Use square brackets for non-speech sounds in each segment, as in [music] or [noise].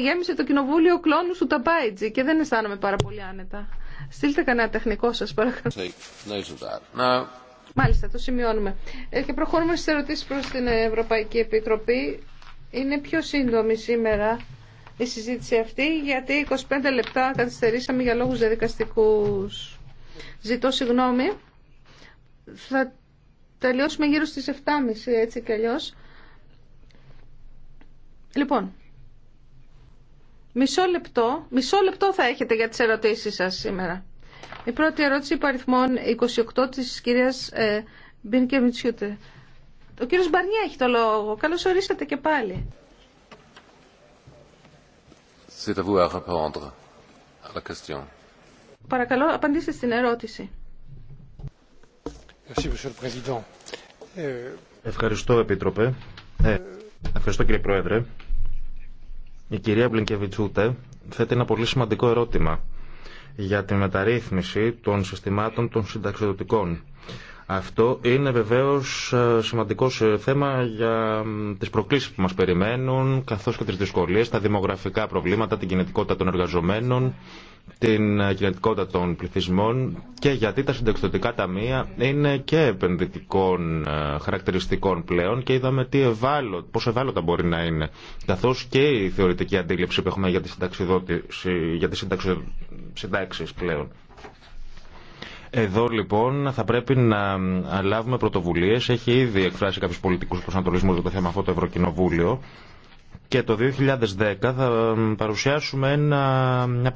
γέμισε το κοινοβούλιο κλόνου του Ταμπάιτζη και δεν αισθάνομαι πάρα πολύ άνετα. Στείλτε κανένα τεχνικό σα παρακαλώ. Μάλιστα, το σημειώνουμε. Ε, και προχωρούμε στι ερωτήσει προς την Ευρωπαϊκή Επιτροπή. Είναι πιο σύντομη σήμερα η συζήτηση αυτή, γιατί 25 λεπτά καθυστερήσαμε για λόγους διαδικαστικού. Ζητώ συγγνώμη. Θα τελειώσουμε γύρω στις 7.30 έτσι κι αλλιώς. Λοιπόν, Μισό λεπτό, μισό λεπτό θα έχετε για τις ερωτήσεις σας σήμερα. Η πρώτη ερώτηση παριθμών 28 της κυρίας ε, Το Ο κύριος Μπαρνιά έχει το λόγο. Καλώς ορίσατε και πάλι. Παρακαλώ, απαντήστε στην ερώτηση. Ε, ευχαριστώ, Επίτροπε. Ε, ευχαριστώ, κύριε Πρόεδρε. Η κυρία Μπλινκεβιτσούτε θέτει ένα πολύ σημαντικό ερώτημα για τη μεταρρύθμιση των συστημάτων των συνταξιδοτικών αυτό είναι βεβαίως ε, σημαντικό θέμα για τις προκλήσεις που μας περιμένουν, καθώς και τις δυσκολίες, τα δημογραφικά προβλήματα, την κινητικότητα των εργαζομένων, την ε, κινητικότητα των πληθυσμών και γιατί τα συνταξιδοτικά ταμεία είναι και επενδυτικών ε, χαρακτηριστικών πλέον και είδαμε τι ευάλω, πόσο ευάλωτα μπορεί να είναι καθώς και η θεωρητική αντίληψη που έχουμε για τις, για πλέον. Εδώ λοιπόν θα πρέπει να λάβουμε πρωτοβουλίε. Έχει ήδη εκφράσει κάποιου πολιτικού προσανατολισμού για το θέμα αυτό το Ευρωκοινοβούλιο. Και το 2010 θα παρουσιάσουμε ένα, μια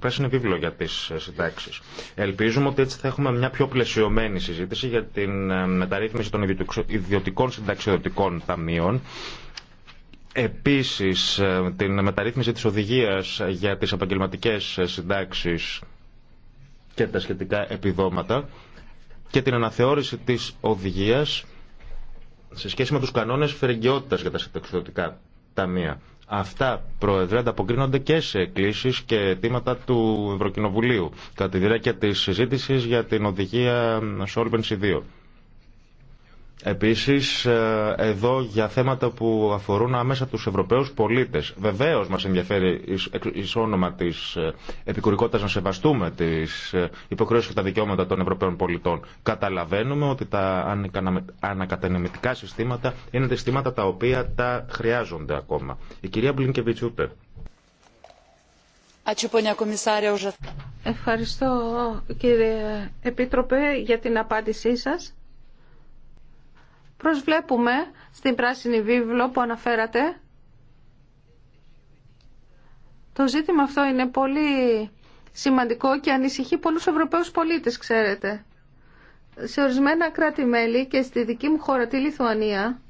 πράσινη βίβλο για τις ε, συντάξεις. Ελπίζουμε ότι έτσι θα έχουμε μια πιο πλαισιωμένη συζήτηση για την ε, μεταρρύθμιση των ιδιωτικών συνταξιοδοτικών ταμείων Επίσης, ε, την μεταρρύθμιση της οδηγίας για τις επαγγελματικέ συντάξεις και τα σχετικά επιδόματα και την αναθεώρηση της οδηγίας σε σχέση με τους κανόνες φερεγγιότητας για τα συνταξιδοτικά ταμεία. Αυτά, Πρόεδρε, ανταποκρίνονται και σε εκκλήσεις και αιτήματα του Ευρωκοινοβουλίου κατά τη διάρκεια της συζήτησης για την οδηγία Solvency 2. Επίσης, ε, εδώ για θέματα που αφορούν αμέσα τους Ευρωπαίους πολίτες. Βεβαίως μας ενδιαφέρει εις όνομα της ε, επικουρικότητας να σεβαστούμε τις ε, υποχρεώσεις και τα δικαιώματα των Ευρωπαίων πολιτών. Καταλαβαίνουμε ότι τα ανακατανεμητικά συστήματα είναι τα συστήματα τα οποία τα χρειάζονται ακόμα. Η κυρία Μπλίνκεβιτσούτερ. Ευχαριστώ κύριε Επίτροπε για την απάντησή σας. Προσβλέπουμε στην πράσινη βίβλο που αναφέρατε. Το ζήτημα αυτό είναι πολύ σημαντικό και ανησυχεί πολλούς Ευρωπαίους πολίτες, ξέρετε. Σε ορισμένα κράτη-μέλη και στη δική μου χώρα, τη Λιθουανία,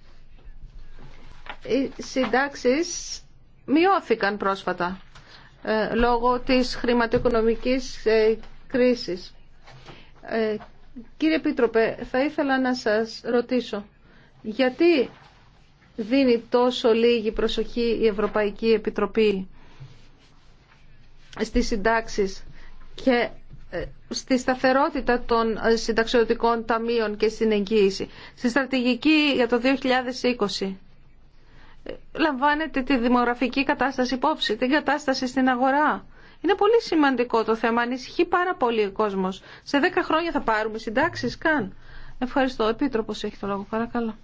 οι συντάξεις μειώθηκαν πρόσφατα ε, λόγω της χρηματοοικονομικής ε, κρίσης. Ε, κύριε Επίτροπε, θα ήθελα να σας ρωτήσω γιατί δίνει τόσο λίγη προσοχή η Ευρωπαϊκή Επιτροπή στις συντάξεις και ε, στη σταθερότητα των ε, συνταξιωτικών ταμείων και στην εγγύηση. Στη στρατηγική για το 2020 ε, λαμβάνετε τη δημογραφική κατάσταση υπόψη, την κατάσταση στην αγορά. Είναι πολύ σημαντικό το θέμα, ανησυχεί πάρα πολύ ο κόσμος. Σε 10 χρόνια θα πάρουμε συντάξεις καν. Ευχαριστώ. Επίτροπος έχει το λόγο, παρακαλώ.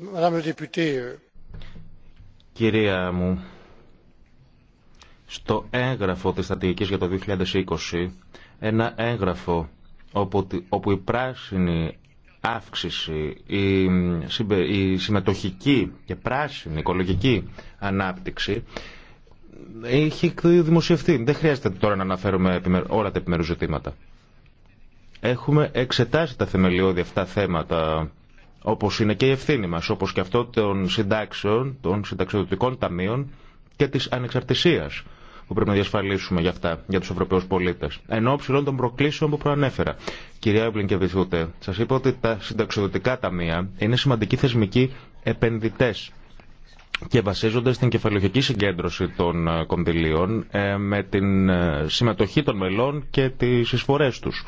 Euh. Κυρία μου, στο έγγραφο της στρατηγικής για το 2020, ένα έγγραφο όπου, όπου η πράσινη αύξηση, η, η συμμετοχική και πράσινη οικολογική ανάπτυξη έχει δημοσιευτεί. Δεν χρειάζεται τώρα να αναφέρουμε όλα τα επιμέρους ζητήματα. Έχουμε εξετάσει τα θεμελιώδη αυτά θέματα Όπω είναι και η ευθύνη μα, όπως και αυτό των συντάξεων, των συνταξιδοτικών ταμείων και τη ανεξαρτησία που πρέπει να διασφαλίσουμε για αυτά, για του Ευρωπαίου πολίτε. Ενώ ψηλών των προκλήσεων που προανέφερα. Κυρία Βλυνκεβιθούτε, σα είπα ότι τα συνταξιδοτικά ταμεία είναι σημαντικοί θεσμικοί επενδυτέ και βασίζονται στην κεφαλαιοχική συγκέντρωση των ε, κονδυλίων ε, με την ε, συμμετοχή των μελών και τις εισφορές τους.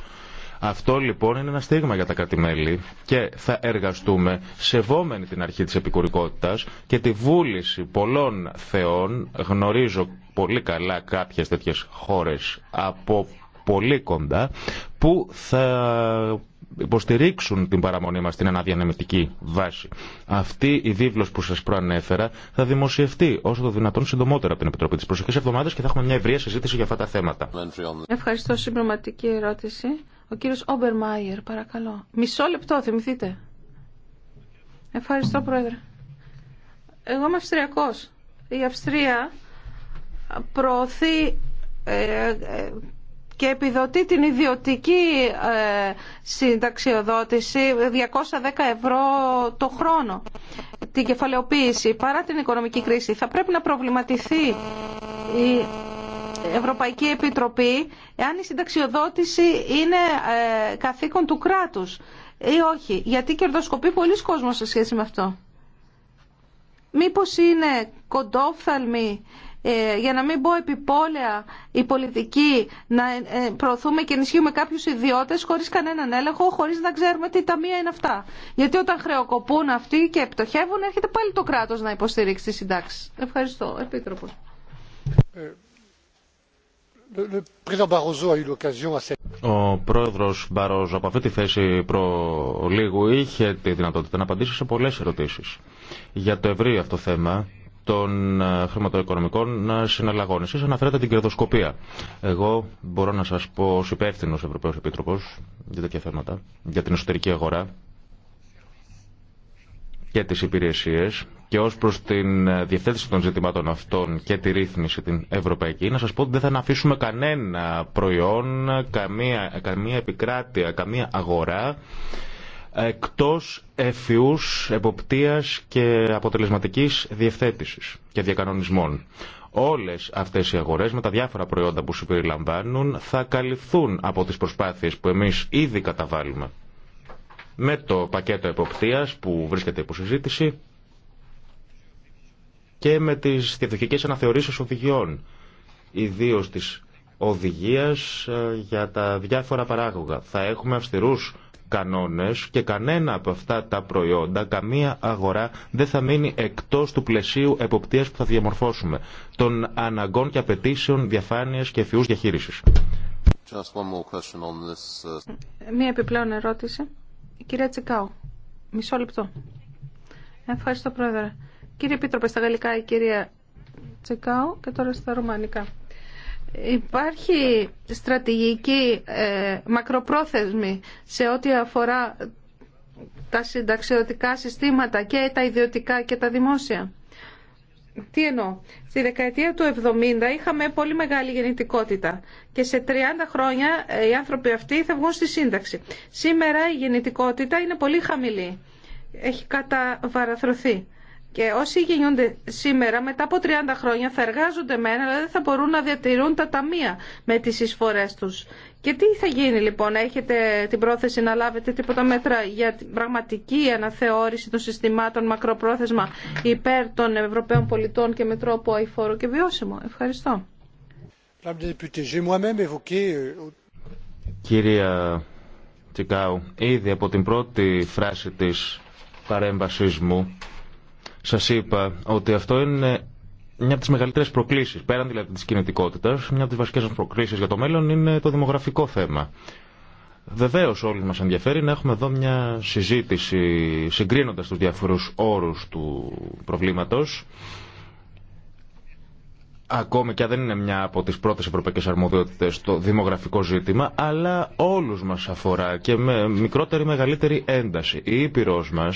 Αυτό λοιπόν είναι ένα στίγμα για τα κρατημέλη και θα εργαστούμε σεβόμενη την αρχή της επικουρικότητας και τη βούληση πολλών θεών. Γνωρίζω πολύ καλά κάποιες τέτοιες χώρες από πολύ κοντά που θα υποστηρίξουν την παραμονή μας στην αναδιανεμητική βάση. Αυτή η δίβλος που σας προανέφερα θα δημοσιευτεί όσο το δυνατόν συντομότερα από την Επιτροπή της Προσοχής Εβδομάδας και θα έχουμε μια ευρεία συζήτηση για αυτά τα θέματα. Ευχαριστώ. Συμπληρωματική ερώτηση. Ο κύριος Όμπερ Μάιερ, παρακαλώ. Μισό λεπτό, θυμηθείτε. Ευχαριστώ, Πρόεδρε. Εγώ είμαι Αυστριακός. Η Αυστρία προωθεί ε, ε, και επιδοτεί την ιδιωτική ε, συνταξιοδότηση 210 ευρώ το χρόνο. Την κεφαλαιοποίηση παρά την οικονομική κρίση θα πρέπει να προβληματιστεί η Ευρωπαϊκή Επιτροπή εάν η συνταξιοδότηση είναι ε, καθήκον του κράτους ή όχι. Γιατί κερδοσκοπεί πολλοί κόσμος σε σχέση με αυτό. Μήπως είναι κοντόφθαλμοι ε, για να μην πω επιπόλαια η πολιτική να ε, προωθούμε και ενισχύουμε κάποιους ιδιώτες χωρίς κανέναν έλεγχο, χωρίς να ξέρουμε τι ταμεία είναι αυτά. Γιατί όταν χρεοκοπούν αυτοί και επιτοχεύουν, έρχεται πάλι το κράτος να υποστηρίξει τη συντάξη. Ευχαριστώ. Επίτροπος. Ο πρόεδρος Μπαρόζο από αυτή τη θέση προ λίγου είχε τη δυνατότητα να απαντήσει σε πολλές ερωτήσεις για το ευρύ αυτό θέμα των ε, χρηματοοικονομικών ε, συναλλαγών. Εσείς αναφέρατε την κερδοσκοπία. Εγώ μπορώ να σας πω ως υπεύθυνο Ευρωπαίος Επίτροπος για τέτοια θέματα, για την εσωτερική αγορά και τις υπηρεσίες και ω προ την ε, διευθέτηση των ζητημάτων αυτών και τη ρύθμιση την ευρωπαϊκή, να σα πω ότι δεν θα αφήσουμε κανένα προϊόν, καμία, καμία επικράτεια, καμία αγορά εκτός εφιούς εποπτείας και αποτελεσματικής διευθέτησης και διακανονισμών. Όλες αυτές οι αγορές με τα διάφορα προϊόντα που συμπεριλαμβάνουν θα καλυφθούν από τις προσπάθειες που εμείς ήδη καταβάλουμε. Με το πακέτο εποπτείας που βρίσκεται υπό συζήτηση και με τις διαδοχικές αναθεωρήσεις οδηγιών, ιδίως της οδηγίας ε, για τα διάφορα παράγωγα. Θα έχουμε αυστηρούς κανόνες και κανένα από αυτά τα προϊόντα, καμία αγορά δεν θα μείνει εκτός του πλαισίου εποπτείας που θα διαμορφώσουμε, των αναγκών και απαιτήσεων διαφάνειας και εφιούς διαχείρισης. Uh, Μία επιπλέον ερώτηση. Κυρία Τσικάου, μισό λεπτό. Ευχαριστώ, Πρόεδρε. Κύριε Επίτροπε, στα γαλλικά η κυρία Τσεκάου και τώρα στα ρουμανικά. Υπάρχει στρατηγική ε, μακροπρόθεσμη σε ό,τι αφορά τα συνταξιωτικά συστήματα και τα ιδιωτικά και τα δημόσια. Τι εννοώ. Στη δεκαετία του 70 είχαμε πολύ μεγάλη γεννητικότητα και σε 30 χρόνια ε, οι άνθρωποι αυτοί θα βγουν στη σύνταξη. Σήμερα η γεννητικότητα είναι πολύ χαμηλή. Έχει καταβαραθρωθεί. Και όσοι γεννιούνται σήμερα, μετά από 30 χρόνια, θα εργάζονται μένα αλλά δηλαδή δεν θα μπορούν να διατηρούν τα ταμεία με τις εισφορές του. Και τι θα γίνει λοιπόν, έχετε την πρόθεση να λάβετε τίποτα μέτρα για την πραγματική αναθεώρηση των συστημάτων μακροπρόθεσμα υπέρ των Ευρωπαίων πολιτών και με τρόπο αηφόρο και βιώσιμο. Ευχαριστώ. Euh, Κυρία Τσικάου, ήδη από την πρώτη φράση της παρέμβασής μου, Σα είπα ότι αυτό είναι μια από τι μεγαλύτερε προκλήσει, πέραν δηλαδή τη κινητικότητα, μια από τι βασικέ μα προκλήσει για το μέλλον είναι το δημογραφικό θέμα. Βεβαίω όλοι μα ενδιαφέρει να έχουμε εδώ μια συζήτηση συγκρίνοντα του διάφορου όρου του προβλήματο. Ακόμη και αν δεν είναι μια από τι πρώτε ευρωπαϊκέ αρμοδιότητε το δημογραφικό ζήτημα, αλλά όλου μα αφορά και με μικρότερη ή μεγαλύτερη ένταση. Η ήπειρο μα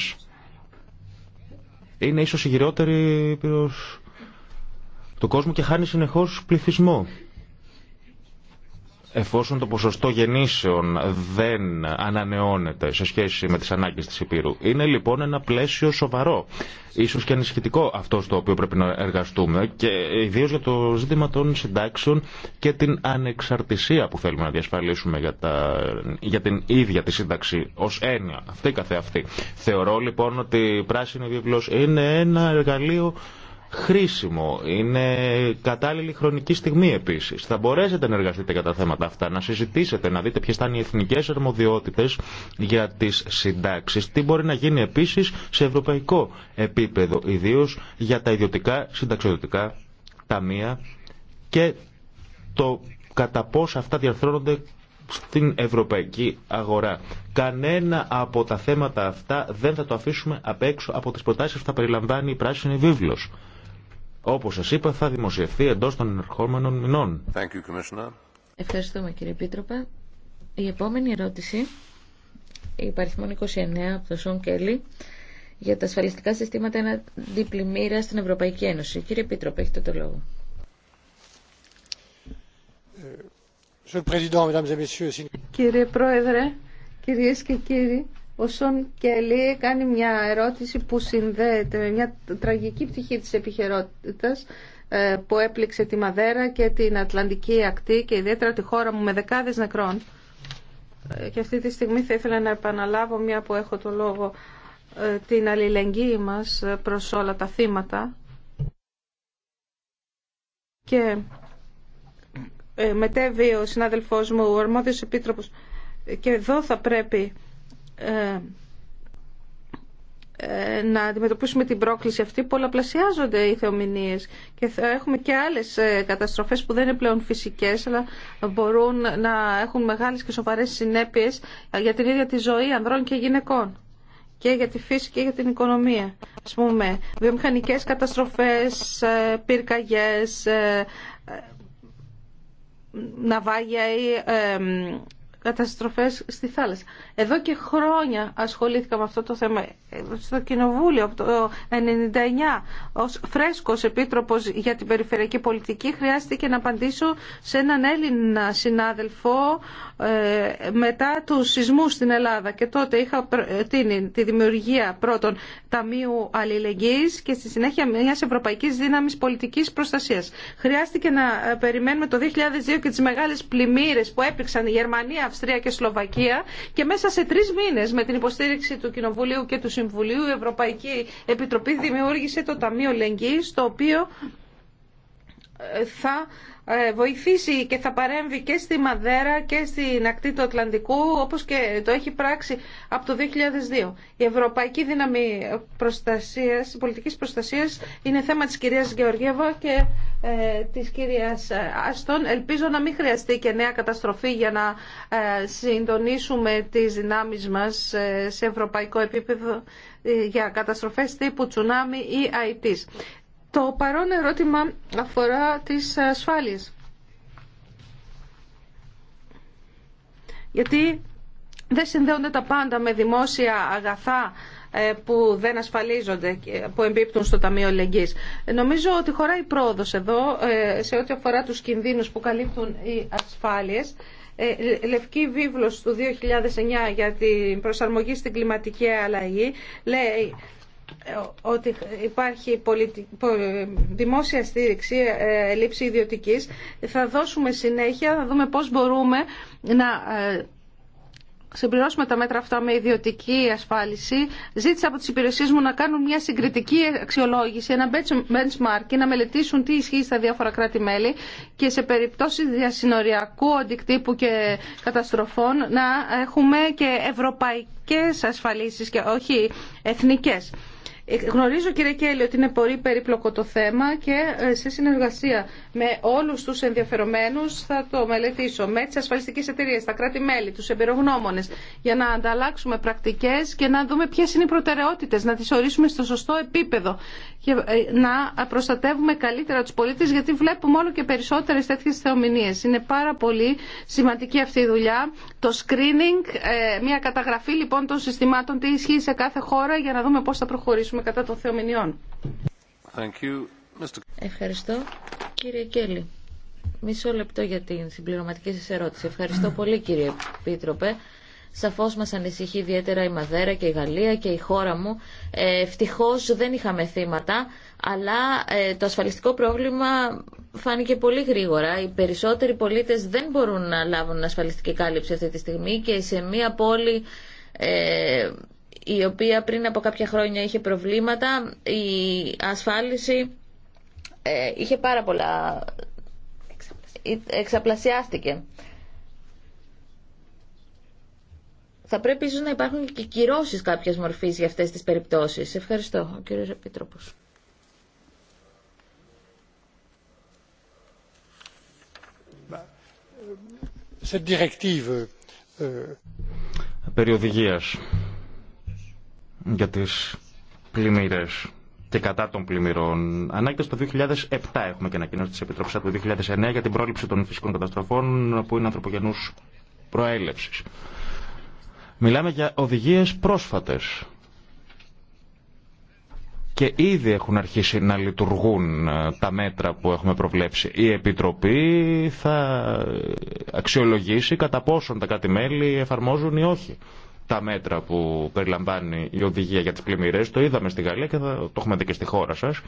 είναι ίσως η γυρότερη πύρος του κόσμου και χάνει συνεχώς πληθυσμό εφόσον το ποσοστό γεννήσεων δεν ανανεώνεται σε σχέση με τις ανάγκες της Υπήρου. Είναι λοιπόν ένα πλαίσιο σοβαρό, ίσως και ανησυχητικό αυτό στο οποίο πρέπει να εργαστούμε και ιδίως για το ζήτημα των συντάξεων και την ανεξαρτησία που θέλουμε να διασφαλίσουμε για, τα, για την ίδια τη σύνταξη ως έννοια, αυτή καθεαυτή. Θεωρώ λοιπόν ότι η πράσινη βίβλος είναι ένα εργαλείο χρήσιμο, είναι κατάλληλη χρονική στιγμή επίση. Θα μπορέσετε να εργαστείτε για τα θέματα αυτά, να συζητήσετε, να δείτε ποιε θα είναι οι εθνικέ αρμοδιότητε για τι συντάξει, τι μπορεί να γίνει επίση σε ευρωπαϊκό επίπεδο, ιδίω για τα ιδιωτικά συνταξιδοτικά ταμεία και το κατά πώς αυτά διαρθρώνονται στην ευρωπαϊκή αγορά. Κανένα από τα θέματα αυτά δεν θα το αφήσουμε απ' έξω από τις προτάσεις που θα περιλαμβάνει η πράσινη βίβλος όπως σας είπα, θα δημοσιευθεί εντός των ερχόμενων μηνών. Ευχαριστούμε κύριε Πίτροπα. Η επόμενη ερώτηση, η παριθμόν 29 από τον Σον Κέλλη, για τα ασφαλιστικά συστήματα έναντι πλημμύρα στην Ευρωπαϊκή Ένωση. Κύριε Πίτροπα, έχετε το λόγο. Κύριε Πρόεδρε, κυρίες και κύριοι, ο Σον Κελί κάνει μια ερώτηση που συνδέεται με μια τραγική πτυχή της επιχειρότητας ε, που έπληξε τη Μαδέρα και την Ατλαντική ακτή και ιδιαίτερα τη χώρα μου με δεκάδες νεκρών. Ε, και αυτή τη στιγμή θα ήθελα να επαναλάβω μια που έχω το λόγο ε, την αλληλεγγύη μας προς όλα τα θύματα και μετέβει ο συνάδελφός μου, ο αρμόδιος επίτροπος και εδώ θα πρέπει ε, ε, να αντιμετωπίσουμε την πρόκληση αυτή πολλαπλασιάζονται οι θεομηνίες και έχουμε και άλλες ε, καταστροφές που δεν είναι πλέον φυσικές αλλά μπορούν να έχουν μεγάλες και σοβαρές συνέπειες για την ίδια τη ζωή ανδρών και γυναικών και για τη φύση και για την οικονομία. Ας πούμε, βιομηχανικές καταστροφές, πυρκαγιές, ναυάγια ή καταστροφές στη θάλασσα. Εδώ και χρόνια ασχολήθηκα με αυτό το θέμα στο Κοινοβούλιο από το 1999 ως φρέσκος επίτροπος για την περιφερειακή πολιτική χρειάστηκε να απαντήσω σε έναν Έλληνα συνάδελφο ε, μετά του σεισμού στην Ελλάδα και τότε είχα προτείνει ε, τη δημιουργία πρώτων Ταμείου Αλληλεγγύης και στη συνέχεια μιας Ευρωπαϊκής Δύναμης Πολιτικής Προστασίας. Χρειάστηκε να ε, περιμένουμε το 2002 και τις μεγάλες πλημμύρες που έπληξαν η Γερμανία, Αυστρία και Σλοβακία και μέσα σε τρει μήνες με την υποστήριξη του Κοινοβουλίου και του Συμβουλίου η Ευρωπαϊκή Επιτροπή δημιούργησε το Ταμείο Λεγγύης το οποίο ε, θα ε, βοηθήσει και θα παρέμβει και στη Μαδέρα και στην ακτή του Ατλαντικού όπως και το έχει πράξει από το 2002. Η Ευρωπαϊκή Δύναμη προστασίας, Πολιτικής Προστασίας είναι θέμα της κυρίας Γεωργίευα και ε, της κυρίας ε, Άστον. Ελπίζω να μην χρειαστεί και νέα καταστροφή για να συντονίσουμε τις δυνάμεις μας σε ευρωπαϊκό επίπεδο για καταστροφές τύπου τσουνάμι ή αιτής. Το παρόν ερώτημα αφορά τις ασφάλειες. Γιατί δεν συνδέονται τα πάντα με δημόσια αγαθά ε, που δεν ασφαλίζονται, που εμπίπτουν στο Ταμείο Ελεγγύης. Νομίζω ότι χωράει πρόοδος εδώ ε, σε ό,τι αφορά τους κινδύνους που καλύπτουν οι ασφάλειες. Ε, Λευκή βίβλος του 2009 για την προσαρμογή στην κλιματική αλλαγή λέει ότι υπάρχει δημόσια στήριξη, ε, λήψη ιδιωτικής. Θα δώσουμε συνέχεια, θα δούμε πώς μπορούμε να ε, συμπληρώσουμε τα μέτρα αυτά με ιδιωτική ασφάλιση. Ζήτησα από τις υπηρεσίες μου να κάνουν μια συγκριτική αξιολόγηση, ένα benchmark και να μελετήσουν τι ισχύει στα διάφορα κράτη-μέλη και σε περιπτώσεις διασυνοριακού αντικτύπου και καταστροφών να έχουμε και ευρωπαϊκές ασφαλίσεις και όχι εθνικές. Γνωρίζω κύριε Κέλλη ότι είναι πολύ περίπλοκο το θέμα και ε, σε συνεργασία με όλους τους ενδιαφερομένους θα το μελετήσω με τις ασφαλιστικές εταιρείες, τα κράτη-μέλη, τους εμπειρογνώμονες για να ανταλλάξουμε πρακτικές και να δούμε ποιες είναι οι προτεραιότητες, να τις ορίσουμε στο σωστό επίπεδο και ε, να προστατεύουμε καλύτερα τους πολίτες γιατί βλέπουμε όλο και περισσότερες τέτοιες θεομηνίες. Είναι πάρα πολύ σημαντική αυτή η δουλειά. Το screening, ε, μια καταγραφή λοιπόν των συστημάτων τι ισχύει σε κάθε χώρα για να δούμε πώς θα προχωρήσουμε κατά των θεομηνιών. Ευχαριστώ. Κύριε Κέλλη, μισό λεπτό για την συμπληρωματική σας ερώτηση. Ευχαριστώ πολύ κύριε Πίτροπε. Σαφώς μας ανησυχεί ιδιαίτερα η Μαδέρα και η Γαλλία και η χώρα μου. Ε, Ευτυχώ δεν είχαμε θύματα, αλλά ε, το ασφαλιστικό πρόβλημα φάνηκε πολύ γρήγορα. Οι περισσότεροι πολίτες δεν μπορούν να λάβουν ασφαλιστική κάλυψη αυτή τη στιγμή και σε μία πόλη ε, η οποία πριν από κάποια χρόνια είχε προβλήματα, η ασφάλιση ε, είχε πάρα πολλά... εξαπλασιάστηκε. Ε, Θα πρέπει ίσως να υπάρχουν και κυρώσεις κάποιες μορφής για αυτές τις περιπτώσεις. Ευχαριστώ, ο κύριος Επίτροπος. Euh, directive, euh, Περιοδηγίας για τις πλημμύρες και κατά των πλημμυρών. Ανάγκες το 2007 έχουμε και ανακοινώσει τη επιτροπή από το 2009 για την πρόληψη των φυσικών καταστροφών που είναι ανθρωπογενούς προέλευσης. Μιλάμε για οδηγίες πρόσφατες και ήδη έχουν αρχίσει να λειτουργούν ε, τα μέτρα που έχουμε προβλέψει. Η Επιτροπή θα αξιολογήσει κατά πόσον τα κάτι μέλη εφαρμόζουν ή όχι τα μέτρα που περιλαμβάνει η οδηγία για τις πλημμύρες. Το είδαμε στη Γαλλία και το έχουμε δει και στη χώρα σας.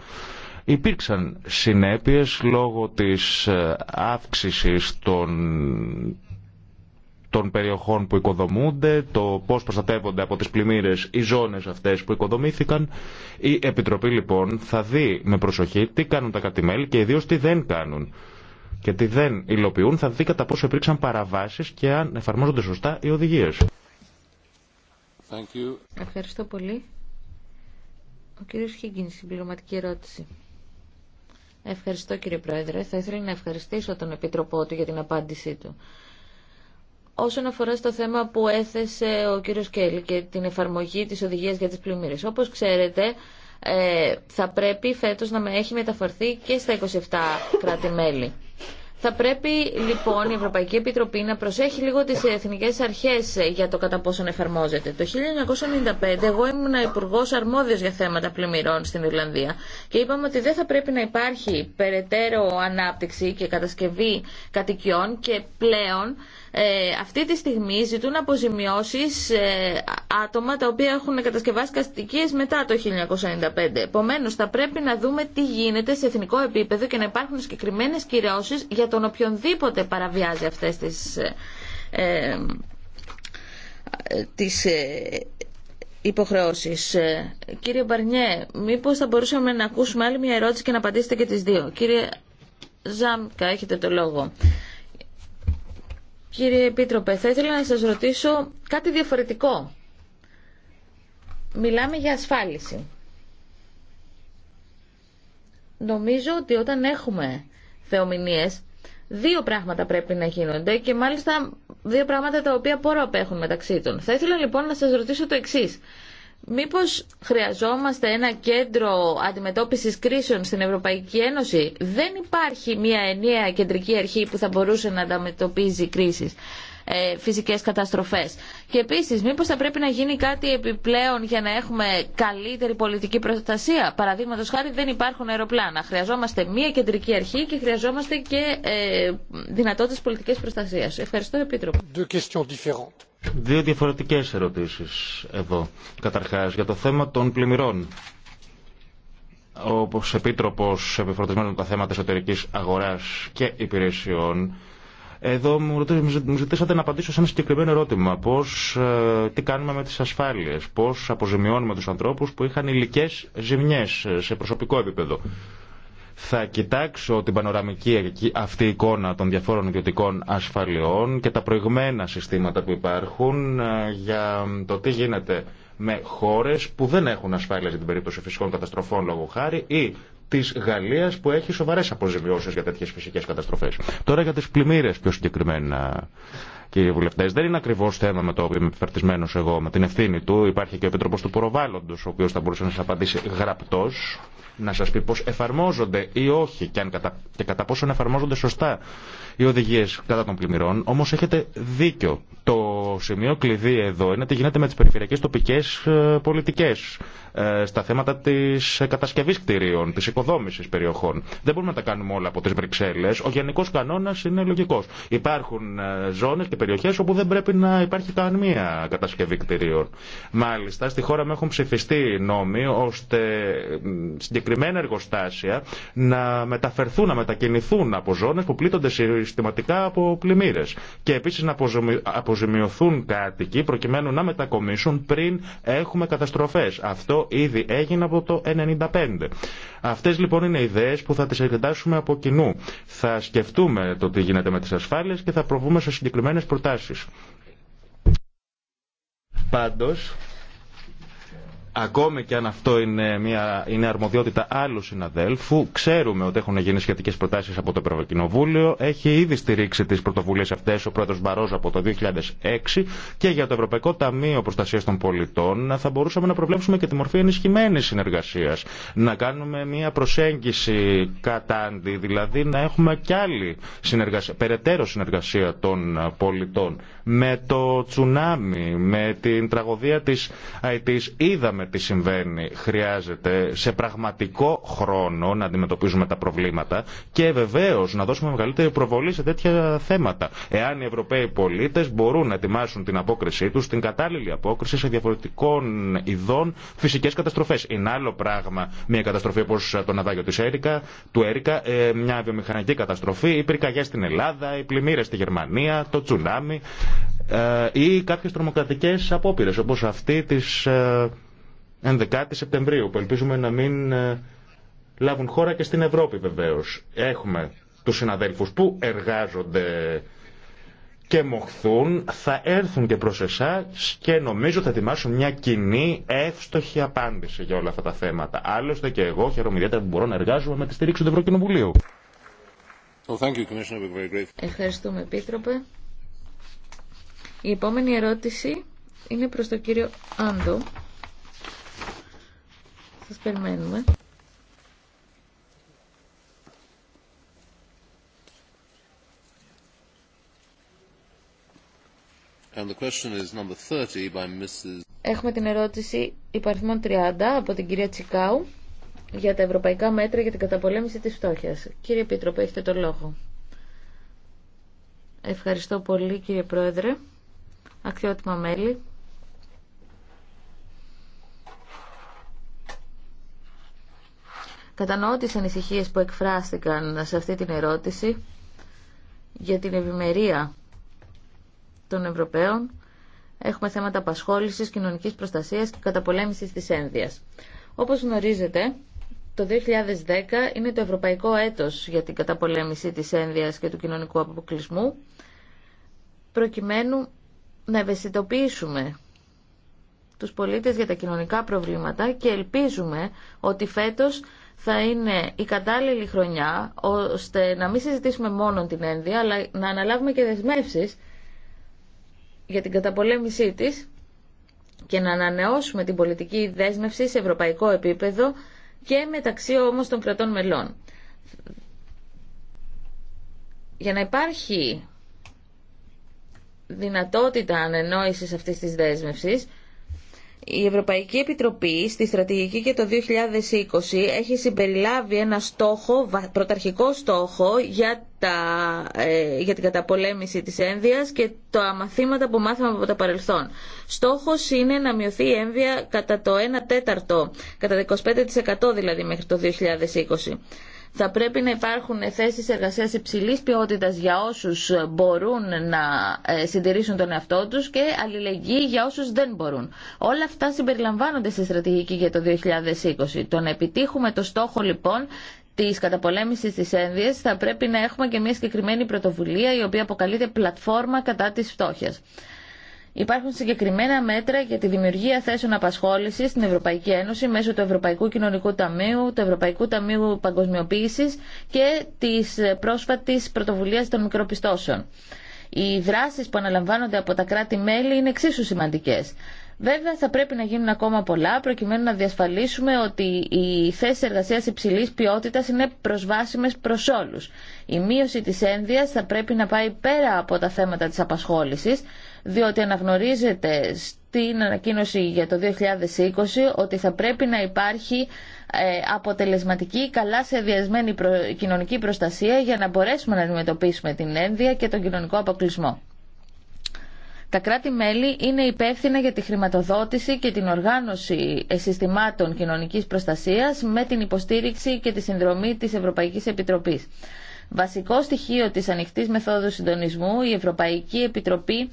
Υπήρξαν συνέπειες λόγω της ε, αύξησης των των περιοχών που οικοδομούνται, το πώς προστατεύονται από τις πλημμύρες οι ζώνες αυτές που οικοδομήθηκαν. Η Επιτροπή λοιπόν θα δει με προσοχή τι κάνουν τα κατημέλη και ιδίως τι δεν κάνουν και τι δεν υλοποιούν, θα δει κατά πόσο υπήρξαν παραβάσεις και αν εφαρμόζονται σωστά οι οδηγίες. Ευχαριστώ πολύ. Ο κύριος Χίγκιν, συμπληρωματική ερώτηση. Ευχαριστώ κύριε Πρόεδρε. Θα ήθελα να ευχαριστήσω τον Επιτροπό του για την απάντησή του. Όσον αφορά στο θέμα που έθεσε ο κύριος Κέλλη και την εφαρμογή της οδηγίας για τις πλημμύρες. Όπως ξέρετε, ε, θα πρέπει φέτος να με έχει μεταφορθεί και στα 27 κράτη-μέλη. Θα πρέπει λοιπόν η Ευρωπαϊκή Επιτροπή να προσέχει λίγο τις εθνικές αρχές για το κατά πόσον εφαρμόζεται. Το 1995 εγώ ήμουν υπουργό αρμόδιο για θέματα πλημμυρών στην Ιρλανδία και είπαμε ότι δεν θα πρέπει να υπάρχει περαιτέρω ανάπτυξη και κατασκευή κατοικιών και πλέον ε, αυτή τη στιγμή ζητούν αποζημιώσεις ε, άτομα τα οποία έχουν κατασκευάσει κατοικίε μετά το 1995. Επομένω, θα πρέπει να δούμε τι γίνεται σε εθνικό επίπεδο και να υπάρχουν συγκεκριμένες κυρώσει για τον οποιονδήποτε παραβιάζει αυτές τις, ε, ε τις υποχρεώσεις. Κύριε Μπαρνιέ, μήπως θα μπορούσαμε να ακούσουμε άλλη μια ερώτηση και να απαντήσετε και τις δύο. Κύριε Ζάμκα, έχετε το λόγο. Κύριε Επίτροπε, θα ήθελα να σας ρωτήσω κάτι διαφορετικό. Μιλάμε για ασφάλιση. Νομίζω ότι όταν έχουμε θεομηνίες, δύο πράγματα πρέπει να γίνονται και μάλιστα δύο πράγματα τα οποία πόρο απέχουν μεταξύ των. Θα ήθελα λοιπόν να σας ρωτήσω το εξής. Μήπως χρειαζόμαστε ένα κέντρο αντιμετώπισης κρίσεων στην Ευρωπαϊκή Ένωση. Δεν υπάρχει μια ενιαία κεντρική αρχή που θα μπορούσε να αντιμετωπίζει κρίσεις. Ε, φυσικές καταστροφές. Και επίσης, μήπως θα πρέπει να γίνει κάτι επιπλέον για να έχουμε καλύτερη πολιτική προστασία. Παραδείγματος χάρη δεν υπάρχουν αεροπλάνα. Χρειαζόμαστε μία κεντρική αρχή και χρειαζόμαστε και ε, δυνατότητες πολιτικής προστασίας. Ευχαριστώ, Επίτροπο. Δύο διαφορετικές ερωτήσεις εδώ. Καταρχάς, για το θέμα των πλημμυρών όπως Επίτροπος επιφορτισμένων τα θέματα εσωτερικής αγοράς και υπηρεσιών εδώ μου ζητήσατε να απαντήσω σε ένα συγκεκριμένο ερώτημα. Πώς, ε, τι κάνουμε με τις ασφάλειες, πώς αποζημιώνουμε τους ανθρώπους που είχαν υλικέ ζημιές σε προσωπικό επίπεδο. Θα κοιτάξω την πανοραμική αυτή εικόνα των διαφόρων ιδιωτικών ασφαλειών και τα προηγμένα συστήματα που υπάρχουν ε, για το τι γίνεται με χώρες που δεν έχουν ασφάλεια για την περίπτωση φυσικών καταστροφών λόγω χάρη ή τη Γαλλία που έχει σοβαρές αποζημιώσεις για τέτοιες φυσικές καταστροφές. Τώρα για τι πλημμύρες πιο συγκεκριμένα κύριε Βουλευτέ. Δεν είναι ακριβώ θέμα με το οποίο είμαι επιφαρτισμένο εγώ, με την ευθύνη του. Υπάρχει και ο Επίτροπο του Προβάλλοντο, ο οποίο θα μπορούσε να σα απαντήσει γραπτό, να σα πει πώ εφαρμόζονται ή όχι και, κατα... και εφαρμόζονται σωστά οι οδηγίε κατά των πλημμυρών. Όμω έχετε δίκιο. Το σημείο κλειδί εδώ είναι τι γίνεται με τι περιφερειακέ τοπικέ ε, πολιτικέ ε, στα θέματα τη κατασκευή κτηρίων, τη οικοδόμηση περιοχών. Δεν μπορούμε να τα κάνουμε όλα από τι Βρυξέλλε. Ο γενικό κανόνα είναι λογικό. Υπάρχουν ε, ζώνε και περιοχέ όπου δεν πρέπει να υπάρχει καμία κατασκευή κτηρίων. Μάλιστα, στη χώρα μου έχουν ψηφιστεί νόμοι ώστε συγκεκριμένα εργοστάσια να μεταφερθούν, να μετακινηθούν από ζώνε που πλήττονται συστηματικά από πλημμύρε. Και επίση να αποζημιωθούν κάτοικοι προκειμένου να μετακομίσουν πριν έχουμε καταστροφέ. Αυτό ήδη έγινε από το 1995. Αυτέ λοιπόν είναι ιδέε που θα τι εξετάσουμε από κοινού. Θα σκεφτούμε το τι γίνεται με τι ασφάλειε και θα προβούμε σε συγκεκριμένε προτάσει. Πάντως, ακόμη και αν αυτό είναι, μια, είναι αρμοδιότητα άλλου συναδέλφου, ξέρουμε ότι έχουν γίνει σχετικέ προτάσει από το Ευρωκοινοβούλιο. Έχει ήδη στηρίξει τι πρωτοβουλίε αυτέ ο πρόεδρο Μπαρόζο από το 2006 και για το Ευρωπαϊκό Ταμείο Προστασία των Πολιτών θα μπορούσαμε να προβλέψουμε και τη μορφή ενισχυμένη συνεργασία. Να κάνουμε μια προσέγγιση άντι δηλαδή να έχουμε κι άλλη συνεργασία, περαιτέρω συνεργασία των πολιτών. Με το τσουνάμι, με την τραγωδία τη ΑΕΤ είδαμε είδαμε τι συμβαίνει. Χρειάζεται σε πραγματικό χρόνο να αντιμετωπίζουμε τα προβλήματα και βεβαίω να δώσουμε μεγαλύτερη προβολή σε τέτοια θέματα. Εάν οι Ευρωπαίοι πολίτε μπορούν να ετοιμάσουν την απόκρισή του, την κατάλληλη απόκριση σε διαφορετικών ειδών φυσικέ καταστροφέ. Είναι άλλο πράγμα μια καταστροφή όπω το ναυάγιο της Έρικα, του Έρικα, ε, μια βιομηχανική καταστροφή, οι πυρκαγιέ στην Ελλάδα, οι πλημμύρε στη Γερμανία, το τσουνάμι ε, ή κάποιες τρομοκρατικέ απόπειρε όπως αυτή της ε, 11 Σεπτεμβρίου που ελπίζουμε να μην ε, λάβουν χώρα και στην Ευρώπη βεβαίως. Έχουμε τους συναδέλφους που εργάζονται και μοχθούν, θα έρθουν και προς εσάς και νομίζω θα ετοιμάσουν μια κοινή εύστοχη απάντηση για όλα αυτά τα θέματα. Άλλωστε και εγώ χαίρομαι ιδιαίτερα που μπορώ να εργάζομαι με τη στήριξη του Ευρωκοινοβουλίου. Ευχαριστούμε, Επίτροπε. Η επόμενη ερώτηση είναι προς τον κύριο Άντο. Σας περιμένουμε. And the question is number 30 by Mrs. Έχουμε την ερώτηση υπαριθμών 30 από την κυρία Τσικάου για τα ευρωπαϊκά μέτρα για την καταπολέμηση της φτώχειας. Κύριε Επίτροπε, έχετε το λόγο. Ευχαριστώ πολύ κύριε Πρόεδρε, αξιότιμα μέλη. Κατανοώ τις ανησυχίες που εκφράστηκαν σε αυτή την ερώτηση για την ευημερία των Ευρωπαίων. Έχουμε θέματα απασχόλησης, κοινωνικής προστασίας και καταπολέμησης της ένδειας. Όπως γνωρίζετε, το 2010 είναι το ευρωπαϊκό έτος για την καταπολέμηση της ένδειας και του κοινωνικού αποκλεισμού, προκειμένου να ευαισθητοποιήσουμε τους πολίτες για τα κοινωνικά προβλήματα και ελπίζουμε ότι φέτος θα είναι η κατάλληλη χρονιά ώστε να μην συζητήσουμε μόνο την ένδυα αλλά να αναλάβουμε και δεσμεύσεις για την καταπολέμησή της και να ανανεώσουμε την πολιτική δέσμευση σε ευρωπαϊκό επίπεδο και μεταξύ όμως των κρατών μελών. Για να υπάρχει δυνατότητα ανενόησης αυτής της δέσμευσης, η Ευρωπαϊκή Επιτροπή στη στρατηγική και το 2020 έχει συμπεριλάβει ένα στόχο, πρωταρχικό στόχο για, τα, ε, για την καταπολέμηση της ένδυας και τα μαθήματα που μάθαμε από τα παρελθόν. Στόχος είναι να μειωθεί η ένδυα κατά το 1 τέταρτο, κατά 25% δηλαδή μέχρι το 2020. Θα πρέπει να υπάρχουν θέσεις εργασίας υψηλής ποιότητας για όσους μπορούν να ε, συντηρήσουν τον εαυτό τους και αλληλεγγύη για όσους δεν μπορούν. Όλα αυτά συμπεριλαμβάνονται στη στρατηγική για το 2020. Το να επιτύχουμε το στόχο λοιπόν τη καταπολέμηση τη ένδυα, θα πρέπει να έχουμε και μια συγκεκριμένη πρωτοβουλία η οποία αποκαλείται πλατφόρμα κατά τη φτώχεια. Υπάρχουν συγκεκριμένα μέτρα για τη δημιουργία θέσεων απασχόληση στην Ευρωπαϊκή Ένωση μέσω του Ευρωπαϊκού Κοινωνικού Ταμείου, του Ευρωπαϊκού Ταμείου Παγκοσμιοποίηση και τη πρόσφατη πρωτοβουλία των μικροπιστώσεων. Οι δράσει που αναλαμβάνονται από τα κράτη-μέλη είναι εξίσου σημαντικέ. Βέβαια, θα πρέπει να γίνουν ακόμα πολλά προκειμένου να διασφαλίσουμε ότι οι θέσει εργασία υψηλή ποιότητα είναι προσβάσιμε προ όλου. Η μείωση τη ένδυα θα πρέπει να πάει πέρα από τα θέματα τη απασχόληση διότι αναγνωρίζεται στην ανακοίνωση για το 2020 ότι θα πρέπει να υπάρχει ε, αποτελεσματική, καλά σχεδιασμένη κοινωνική προστασία για να μπορέσουμε να αντιμετωπίσουμε την ένδια και τον κοινωνικό αποκλεισμό. Τα κράτη-μέλη είναι υπεύθυνα για τη χρηματοδότηση και την οργάνωση ε, συστημάτων κοινωνικής προστασίας με την υποστήριξη και τη συνδρομή της Ευρωπαϊκής Επιτροπής. Βασικό στοιχείο της ανοιχτής μεθόδου συντονισμού, η Ευρωπαϊκή Επιτροπή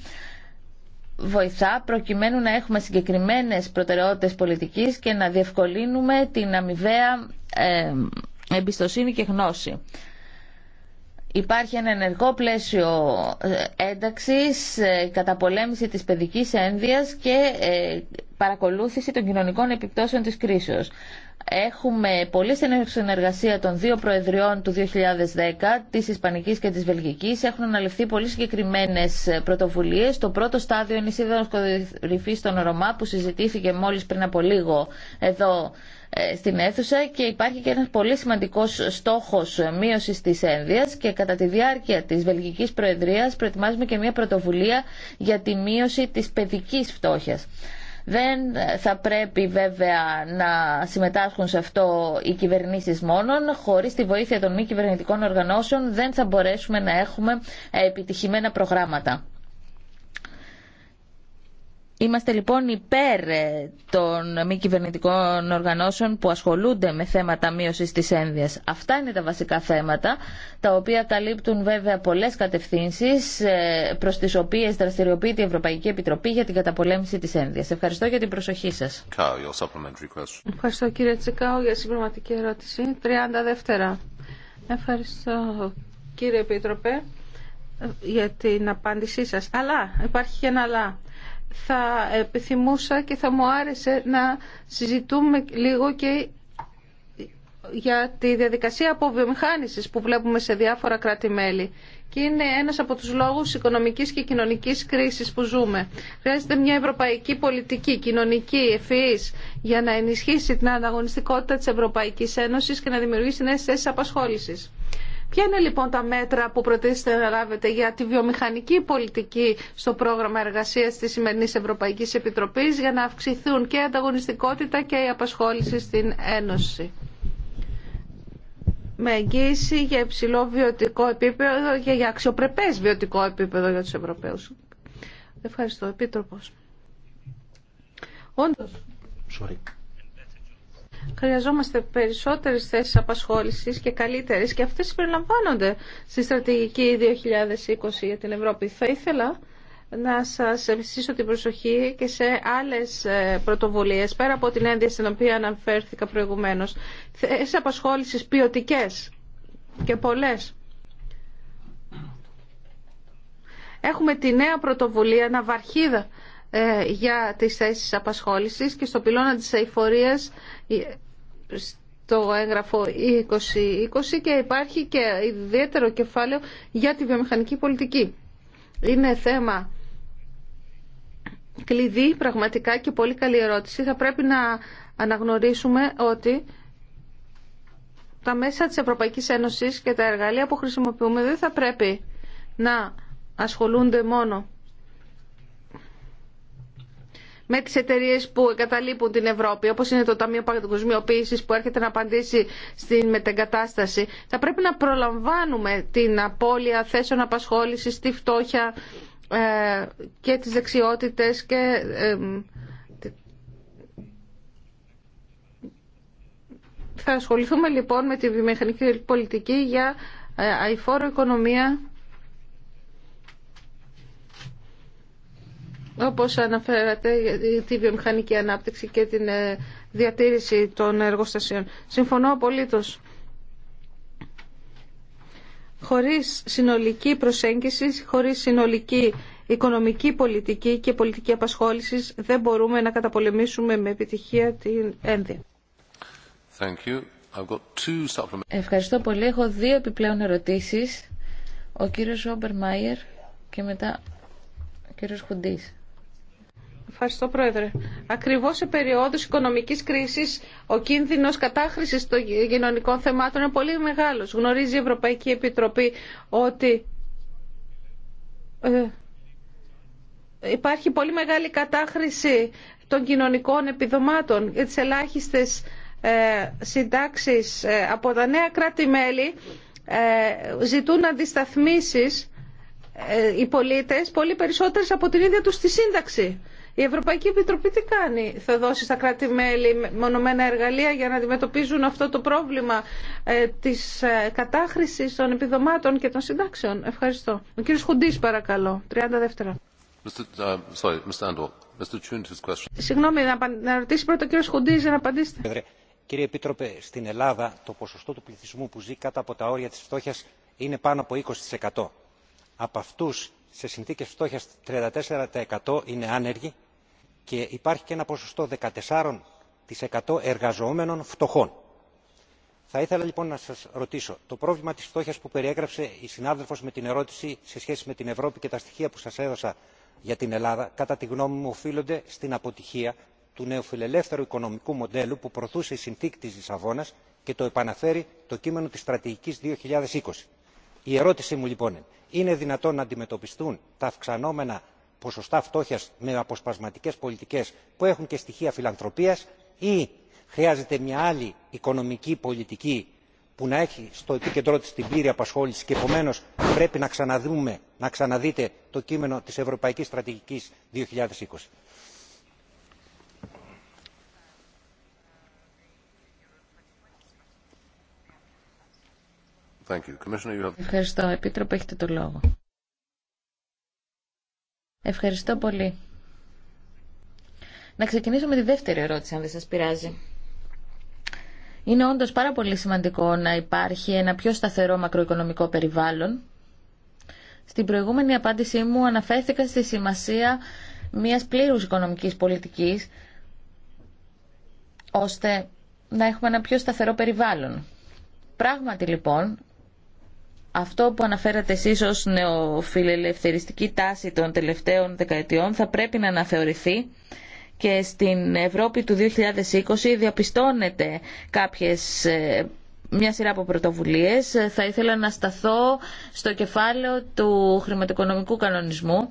βοηθά προκειμένου να έχουμε συγκεκριμένες προτεραιότητες πολιτικής και να διευκολύνουμε την αμοιβαία ε, εμπιστοσύνη και γνώση. Υπάρχει ένα ενεργό πλαίσιο ε, ένταξης, ε, καταπολέμηση της παιδικής ένδυας και παρακολούθηση των κοινωνικών επιπτώσεων της κρίσεως. Έχουμε πολύ στενή συνεργασία των δύο Προεδριών του 2010, της Ισπανικής και της Βελγικής. Έχουν αναλυφθεί πολύ συγκεκριμένες πρωτοβουλίες. Το πρώτο στάδιο είναι η σύνδεση κορυφής των Ρωμά που συζητήθηκε μόλις πριν από λίγο εδώ ε, στην αίθουσα και υπάρχει και ένας πολύ σημαντικός στόχος μείωση της ένδυας και κατά τη διάρκεια της Βελγικής Προεδρίας προετοιμάζουμε και μια πρωτοβουλία για τη μείωση της παιδικής φτώχειας. Δεν θα πρέπει βέβαια να συμμετάσχουν σε αυτό οι κυβερνήσεις μόνον. Χωρίς τη βοήθεια των μη κυβερνητικών οργανώσεων δεν θα μπορέσουμε να έχουμε επιτυχημένα προγράμματα. Είμαστε λοιπόν υπέρ ε, των μη κυβερνητικών οργανώσεων που ασχολούνται με θέματα μείωση τη ένδυα. Αυτά είναι τα βασικά θέματα, τα οποία καλύπτουν βέβαια πολλέ κατευθύνσει ε, προ τι οποίε δραστηριοποιείται η Ευρωπαϊκή Επιτροπή για την καταπολέμηση τη ένδυα. Ευχαριστώ για την προσοχή σα. Ευχαριστώ κύριε Τσικάου για συμπληρωματική ερώτηση. 30 δεύτερα. Ευχαριστώ κύριε Επίτροπε ε, για την απάντησή σας. Αλλά υπάρχει και ένα αλλά θα επιθυμούσα και θα μου άρεσε να συζητούμε λίγο και για τη διαδικασία αποβιομηχάνησης που βλέπουμε σε διάφορα κράτη-μέλη και είναι ένας από τους λόγους οικονομικής και κοινωνικής κρίσης που ζούμε. Χρειάζεται μια ευρωπαϊκή πολιτική, κοινωνική, ευφυής, για να ενισχύσει την ανταγωνιστικότητα της Ευρωπαϊκής Ένωσης και να δημιουργήσει νέες θέσεις απασχόλησης. Ποια είναι λοιπόν τα μέτρα που προτίθεται να λάβετε για τη βιομηχανική πολιτική στο πρόγραμμα εργασία της σημερινής Ευρωπαϊκής Επιτροπής για να αυξηθούν και η ανταγωνιστικότητα και η απασχόληση στην Ένωση με εγγύηση για υψηλό βιωτικό επίπεδο και για αξιοπρεπέ βιωτικό επίπεδο για τους Ευρωπαίους. Ευχαριστώ, επίτροπο. Χρειαζόμαστε περισσότερες θέσεις απασχόλησης και καλύτερες και αυτές περιλαμβάνονται στη στρατηγική 2020 για την Ευρώπη. Θα ήθελα να σας ευχαριστήσω την προσοχή και σε άλλες ε, πρωτοβουλίες πέρα από την ένδυα στην οποία αναφέρθηκα προηγουμένως. Θέσεις απασχόλησης ποιοτικέ και πολλές. Έχουμε τη νέα πρωτοβουλία Ναυαρχίδα ε, για τις θέσεις απασχόλησης και στο πυλώνα της αηφορίας ε, στο έγγραφο 2020 και υπάρχει και ιδιαίτερο κεφάλαιο για τη βιομηχανική πολιτική. Είναι θέμα κλειδί πραγματικά και πολύ καλή ερώτηση. Θα πρέπει να αναγνωρίσουμε ότι τα μέσα της Ευρωπαϊκής Ένωσης και τα εργαλεία που χρησιμοποιούμε δεν θα πρέπει να ασχολούνται μόνο με τις εταιρείες που εγκαταλείπουν την Ευρώπη, όπως είναι το Ταμείο Παγκοσμιοποίησης που έρχεται να απαντήσει στην μετεγκατάσταση. Θα πρέπει να προλαμβάνουμε την απώλεια θέσεων απασχόλησης, τη φτώχεια ε, και τις δεξιότητες και θα ασχοληθούμε λοιπόν με τη βιομηχανική πολιτική για ε, αηφόρο οικονομία όπως αναφέρατε, τη βιομηχανική ανάπτυξη και την ε, διατήρηση των εργοστασίων. Συμφωνώ απολύτως. Χωρίς συνολική προσέγγιση, χωρίς συνολική οικονομική πολιτική και πολιτική απασχόληση, δεν μπορούμε να καταπολεμήσουμε με επιτυχία την ένδυα. Ευχαριστώ πολύ. Έχω δύο επιπλέον ερωτήσεις. Ο κύριος Ρόμπερ Μάιερ και μετά ο κύριος Χουντής. Ευχαριστώ, Πρόεδρε. Ακριβώ σε περιόδου οικονομική κρίση, ο κίνδυνο κατάχρηση των κοινωνικών θεμάτων είναι πολύ μεγάλο. Γνωρίζει η Ευρωπαϊκή Επιτροπή ότι ε, υπάρχει πολύ μεγάλη κατάχρηση των κοινωνικών επιδομάτων και τις ελάχιστες ε, συντάξεις ε, από τα νέα κράτη-μέλη ζητούν αντισταθμίσεις οι πολίτες πολύ περισσότερες από την ίδια τους τη σύνταξη. Η Ευρωπαϊκή Επιτροπή τι κάνει, θα δώσει στα κράτη-μέλη μονομένα εργαλεία για να αντιμετωπίζουν αυτό το πρόβλημα ε, της ε, κατάχρησης των επιδομάτων και των συντάξεων. Ευχαριστώ. Ο κύριος Χουντή, παρακαλώ. 30 δεύτερα. Συγγνώμη, να ρωτήσει πρώτα ο κύριος Χουντή για να απαντήσετε. Κύριε Επίτροπε, στην Ελλάδα το ποσοστό του πληθυσμού που ζει κάτω από τα όρια τη φτώχεια είναι πάνω από 20%. Από αυτού, σε συνθήκες φτώχειας 34% είναι άνεργοι και υπάρχει και ένα ποσοστό 14% εργαζομένων φτωχών. Θα ήθελα λοιπόν να σας ρωτήσω το πρόβλημα της φτώχειας που περιέγραψε η συνάδελφος με την ερώτηση σε σχέση με την Ευρώπη και τα στοιχεία που σας έδωσα για την Ελλάδα κατά τη γνώμη μου οφείλονται στην αποτυχία του νεοφιλελεύθερου οικονομικού μοντέλου που προωθούσε η συνθήκη της Λισαβόνα και το επαναφέρει το κείμενο της στρατηγικής 2020. Η ερώτησή μου λοιπόν είναι είναι δυνατόν να αντιμετωπιστούν τα αυξανόμενα ποσοστά φτώχεια με αποσπασματικέ πολιτικέ που έχουν και στοιχεία φιλανθρωπίας ή χρειάζεται μια άλλη οικονομική πολιτική που να έχει στο επίκεντρό τη την πλήρη απασχόληση και επομένω πρέπει να ξαναδείτε το κείμενο τη ευρωπαϊκή στρατηγική. 2020. Ευχαριστώ. Επίτροπε, έχετε το λόγο. Ευχαριστώ πολύ. Να ξεκινήσω με τη δεύτερη ερώτηση, αν δεν σας πειράζει. Είναι όντως πάρα πολύ σημαντικό να υπάρχει ένα πιο σταθερό μακροοικονομικό περιβάλλον. Στην προηγούμενη απάντησή μου αναφέρθηκα στη σημασία μιας πλήρους οικονομικής πολιτικής, ώστε να έχουμε ένα πιο σταθερό περιβάλλον. Πράγματι λοιπόν, αυτό που αναφέρατε εσείς ως νεοφιλελευθεριστική τάση των τελευταίων δεκαετιών θα πρέπει να αναθεωρηθεί και στην Ευρώπη του 2020 διαπιστώνεται κάποιες ε, μια σειρά από πρωτοβουλίες. Θα ήθελα να σταθώ στο κεφάλαιο του χρηματοοικονομικού κανονισμού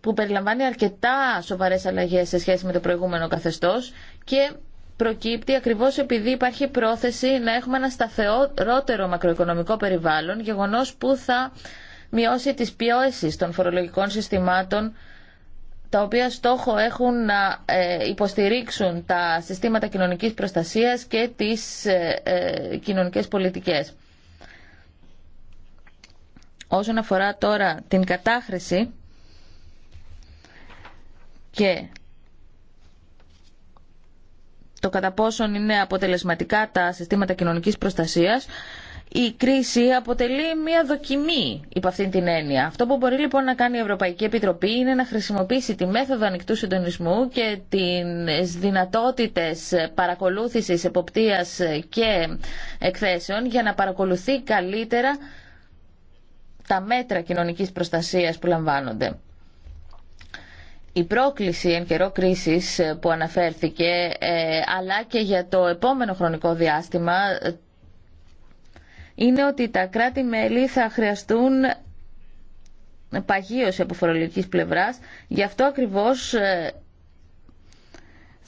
που περιλαμβάνει αρκετά σοβαρές αλλαγές σε σχέση με το προηγούμενο καθεστώς και προκύπτει ακριβώς επειδή υπάρχει πρόθεση να έχουμε ένα σταθερότερο μακροοικονομικό περιβάλλον, γεγονός που θα μειώσει τις πιέσεις των φορολογικών συστημάτων τα οποία στόχο έχουν να ε, υποστηρίξουν τα συστήματα κοινωνικής προστασίας και τις ε, ε, κοινωνικές πολιτικές. Όσον αφορά τώρα την κατάχρηση και το κατά πόσον είναι αποτελεσματικά τα συστήματα κοινωνικής προστασίας, η κρίση αποτελεί μια δοκιμή υπό αυτήν την έννοια. Αυτό που μπορεί λοιπόν να κάνει η Ευρωπαϊκή Επιτροπή είναι να χρησιμοποιήσει τη μέθοδο ανοιχτού συντονισμού και τι δυνατότητε παρακολούθησης, εποπτείας και εκθέσεων για να παρακολουθεί καλύτερα τα μέτρα κοινωνική προστασία που λαμβάνονται η πρόκληση εν καιρό κρίσης ε, που αναφέρθηκε, ε, αλλά και για το επόμενο χρονικό διάστημα, ε, είναι ότι τα κράτη-μέλη θα χρειαστούν παγίωση από φορολογικής πλευράς. Γι' αυτό ακριβώς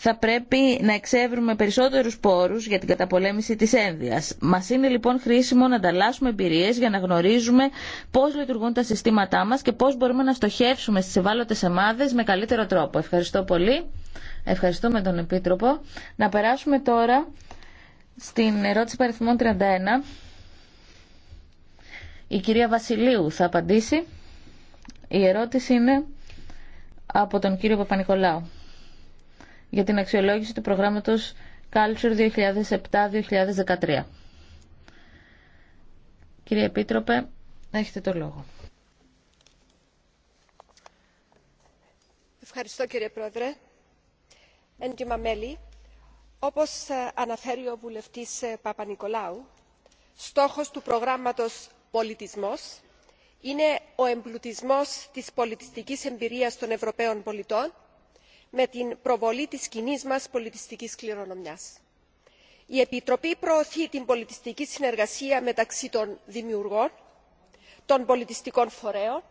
θα πρέπει να εξεύρουμε περισσότερους πόρους για την καταπολέμηση της ένδυας. Μας είναι λοιπόν χρήσιμο να ανταλλάσσουμε εμπειρίες για να γνωρίζουμε πώς λειτουργούν τα συστήματά μας και πώς μπορούμε να στοχεύσουμε στις ευάλωτες ομάδες με καλύτερο τρόπο. Ευχαριστώ πολύ. Ευχαριστούμε τον Επίτροπο. Να περάσουμε τώρα στην ερώτηση παριθμών 31. Η κυρία Βασιλείου θα απαντήσει. Η ερώτηση είναι από τον κύριο για την αξιολόγηση του προγράμματος Culture 2007-2013. Κύριε Επίτροπε, έχετε το λόγο. Ευχαριστώ κύριε Πρόεδρε. Έντιμα μέλη, όπως ε, αναφέρει ο βουλευτής ε, Παπα-Νικολάου, στόχος του προγράμματος «Πολιτισμός» είναι ο εμπλουτισμός της πολιτιστικής εμπειρίας των Ευρωπαίων πολιτών με την προβολή της κοινή μα πολιτιστικής κληρονομιάς. η επιτροπή προωθεί την πολιτιστική συνεργασία μεταξύ των δημιουργών των πολιτιστικών φορέων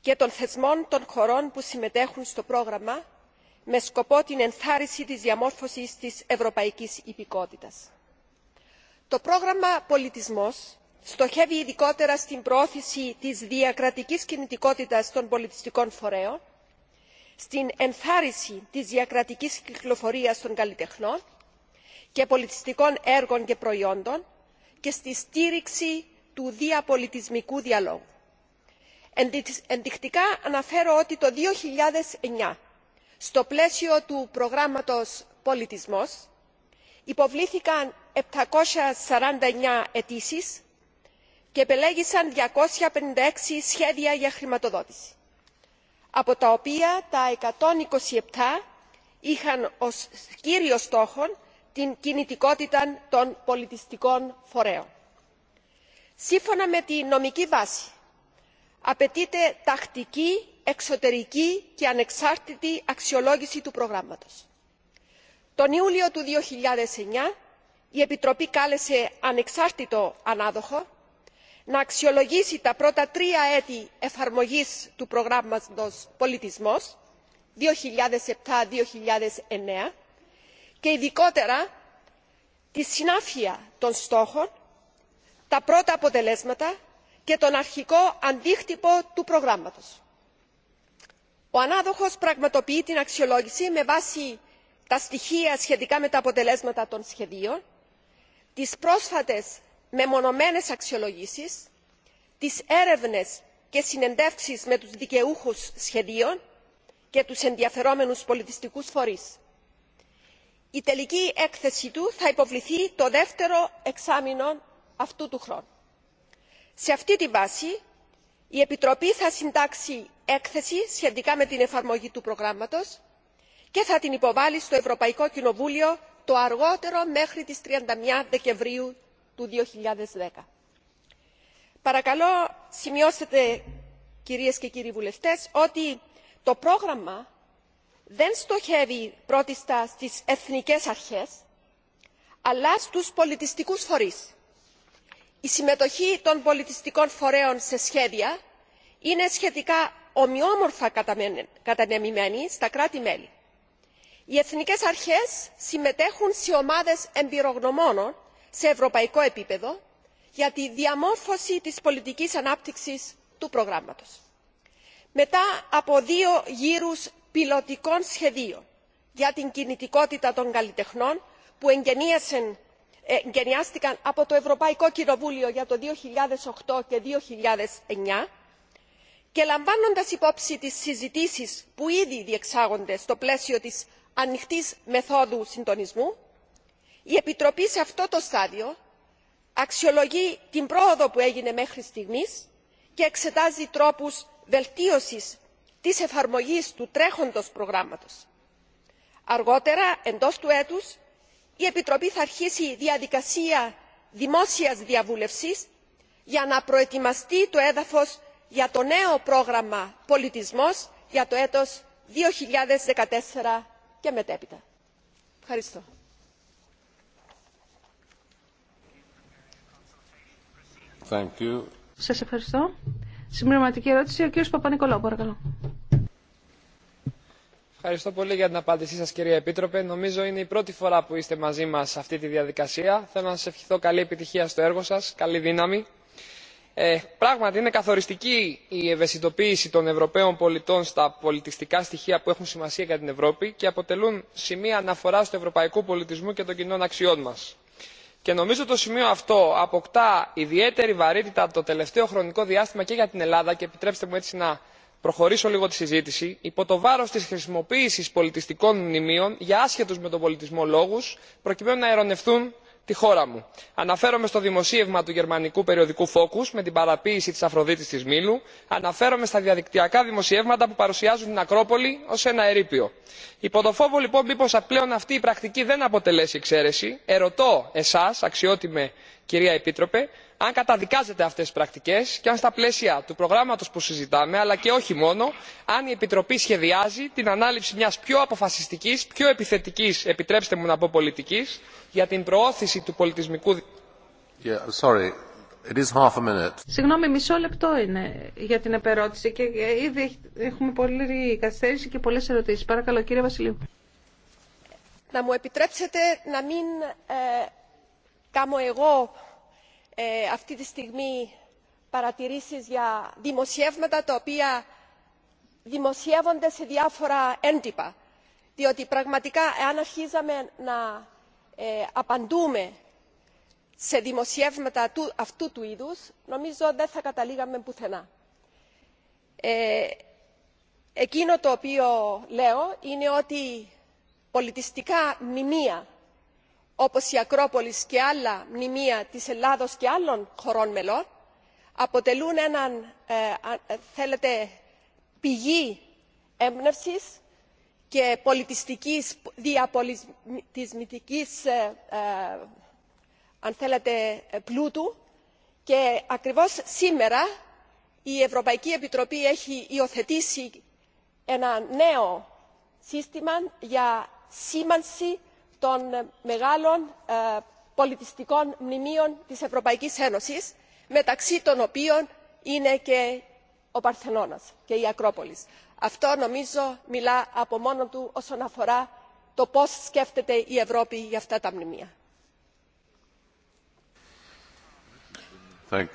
και των θεσμών των χωρών που συμμετέχουν στο πρόγραμμα με σκοπό την ενθάρρυνση της διαμόρφωσης της ευρωπαϊκής υπηκότητας. το πρόγραμμα πολιτισμός στοχεύει ειδικότερα στην προώθηση της διακρατικής κινητικότητας των πολιτιστικών φορέων στην ενθάρρυνση της διακρατικής κυκλοφορία των καλλιτεχνών και πολιτιστικών έργων και προϊόντων και στη στήριξη του διαπολιτισμικού διαλόγου. ενδεικτικά αναφέρω ότι το 2009 στο πλαίσιο του προγράμματο Πολιτισμό, υποβλήθηκαν 749 αιτήσει και επελέγησαν 256 σχέδια για χρηματοδότηση από τα οποία τα 127 είχαν ω κύριο στόχο την κινητικότητα των πολιτιστικών φορέων. σύμφωνα με τη νομική βάση απαιτείται τακτική εξωτερική και ανεξάρτητη αξιολόγηση του προγράμματος. τον ιούλιο του 2009 η επιτροπή κάλεσε ανεξάρτητο ανάδοχο να αξιολογήσει τα πρώτα τρία έτη εφαρμογής του προγράμματος πολιτισμός Πολιτισμός χιλιάδες και ειδικότερα τη συνάφεια των στόχων τα πρώτα αποτελέσματα και τον αρχικό αντίκτυπο του προγράμματος. ο ανάδοχος πραγματοποιεί την αξιολόγηση με βάση τα στοιχεία σχετικά με τα αποτελέσματα των σχεδίων τις πρόσφατες μεμονωμένες αξιολογήσεις τις έρευνες και συνεντεύξεις με τους δικαιούχους σχεδίων και τους ενδιαφερόμενους πολιτιστικούς φορείς. η τελική έκθεση του θα υποβληθεί το δεύτερο εξάμεινο αυτού του χρόνου. σε αυτή τη βάση η επιτροπή θα συντάξει έκθεση σχετικά με την εφαρμογή του προγράμματος και θα την υποβάλει στο ευρωπαϊκό κοινοβούλιο το αργότερο μέχρι τις 31 δεκεμβρίου του. 2010. Παρακαλώ σημειώστε, κυρίες και κύριοι βουλευτές ότι το πρόγραμμα δεν στοχεύει πρώτιστα στις εθνικές αρχές αλλά στους πολιτιστικούς φορείς. Η συμμετοχή των πολιτιστικών φορέων σε σχέδια είναι σχετικά ομοιόμορφα κατανεμημένη στα κράτη-μέλη. Οι εθνικές αρχές συμμετέχουν σε ομάδες εμπειρογνωμόνων σε ευρωπαϊκό επίπεδο για τη διαμόρφωση της πολιτικής ανάπτυξης του προγράμματος. μετά από δύο γύρους πιλωτικών σχεδίων για την κινητικότητα των καλλιτεχνών που εγκαινιάστηκαν ε, από το ευρωπαϊκό κοινοβούλιο για το 2008 και 2009 και λαμβάνοντας υπόψη τις συζητήσεις που ήδη διεξάγονται στο πλαίσιο της ανοιχτής μεθόδου συντονισμού η επιτροπή σε αυτό το στάδιο αξιολογεί την πρόοδο που έγινε μέχρι στιγμής και εξετάζει τρόπους βελτίωσης της εφαρμογής του τρέχοντος προγράμματος. αργότερα εντός του έτους η επιτροπή θα αρχίσει διαδικασία δημόσιας διαβούλευσης για να προετοιμαστεί το έδαφος για το νέο πρόγραμμα πολιτισμός για το έτος δύο και μετέπειτα. ευχαριστώ. Thank ευχαριστώ. Συμπληρωματική ερώτηση, ο κύριος παρακαλώ. Ευχαριστώ πολύ για την απάντησή σας κυρία Επίτροπε. Νομίζω είναι η πρώτη φορά που είστε μαζί μας σε αυτή τη διαδικασία. Θέλω να σας ευχηθώ καλή επιτυχία στο έργο σας, καλή δύναμη. Ε, πράγματι είναι καθοριστική η ευαισθητοποίηση των ευρωπαίων πολιτών στα πολιτιστικά στοιχεία που έχουν σημασία για την ευρώπη και αποτελούν σημεία αναφορά του ευρωπαϊκού πολιτισμού και των κοινών αξιών μας και νομίζω το σημείο αυτό αποκτά ιδιαίτερη βαρύτητα το τελευταίο χρονικό διάστημα και για την ελλάδα και επιτρέψτε μου έτσι να προχωρήσω λίγο τη συζήτηση υπό το βάρο τη χρησιμοποίηση πολιτιστικών μνημείων για άσχετου με τον πολιτισμό λόγου, προκειμένου να ειρωνευτούν τη χώρα μου. αναφέρομαι στο δημοσίευμα του γερμανικού περιοδικού focus με την παραποίηση της αφροδίτης της μήλου αναφέρομαι στα διαδικτυακά δημοσιεύματα που παρουσιάζουν την ακρόπολη ως ένα ερείπιο. υπό το φόβο λοιπόν μήπως πλέον αυτή η πρακτική δεν αποτελέσει εξαίρεση ερωτώ εσάς αξιότιμη κυρία επίτροπε αν καταδικάζετε αυτές τις πρακτικές και αν στα πλαίσια του προγράμματος που συζητάμε αλλά και όχι μόνο αν η επιτροπή σχεδιάζει την ανάληψη μιας πιο αποφασιστικής πιο επιθετικής επιτρέψτε μου να πω πολιτικής για την προώθηση του πολιτισμικού Συγγνώμη, μισό λεπτό είναι για την επερώτηση και ήδη έχουμε πολλή καθυστέρηση και πολλές ερωτήσεις. Παρακαλώ, κύριε Βασιλείου. Να μου επιτρέψετε να μην ε, εγώ ε, αυτή τη στιγμή παρατηρήσεις για δημοσιεύματα τα οποία δημοσιεύονται σε διάφορα έντυπα διότι πραγματικά εάν αρχίζαμε να ε, απαντούμε σε δημοσιεύματα αυτού του είδους νομίζω δεν θα καταλήγαμε πουθενά. Ε, εκείνο το οποίο λέω είναι ότι πολιτιστικά μνημεία όπως η Ακρόπολη και άλλα μνημεία της ελλάδος και άλλων χωρών μελών αποτελούν έναν ε, ε, θέλετε πηγή έμπνευσης και πολιτιστικής διαπολιτισμικής ε, αν πλούτου και ακριβώς σήμερα η ευρωπαϊκή επιτροπή έχει υιοθετήσει ένα νέο σύστημα για σήμανση των μεγάλων ε, πολιτιστικών μνημείων της ευρωπαϊκής ένωσης μεταξύ των οποίων είναι και ο παρθενώνας και η ακρόπολης. αυτό νομίζω μιλά από μόνο του όσον αφορά το πώς σκέφτεται η ευρώπη για αυτά τα μνημεία. Ε,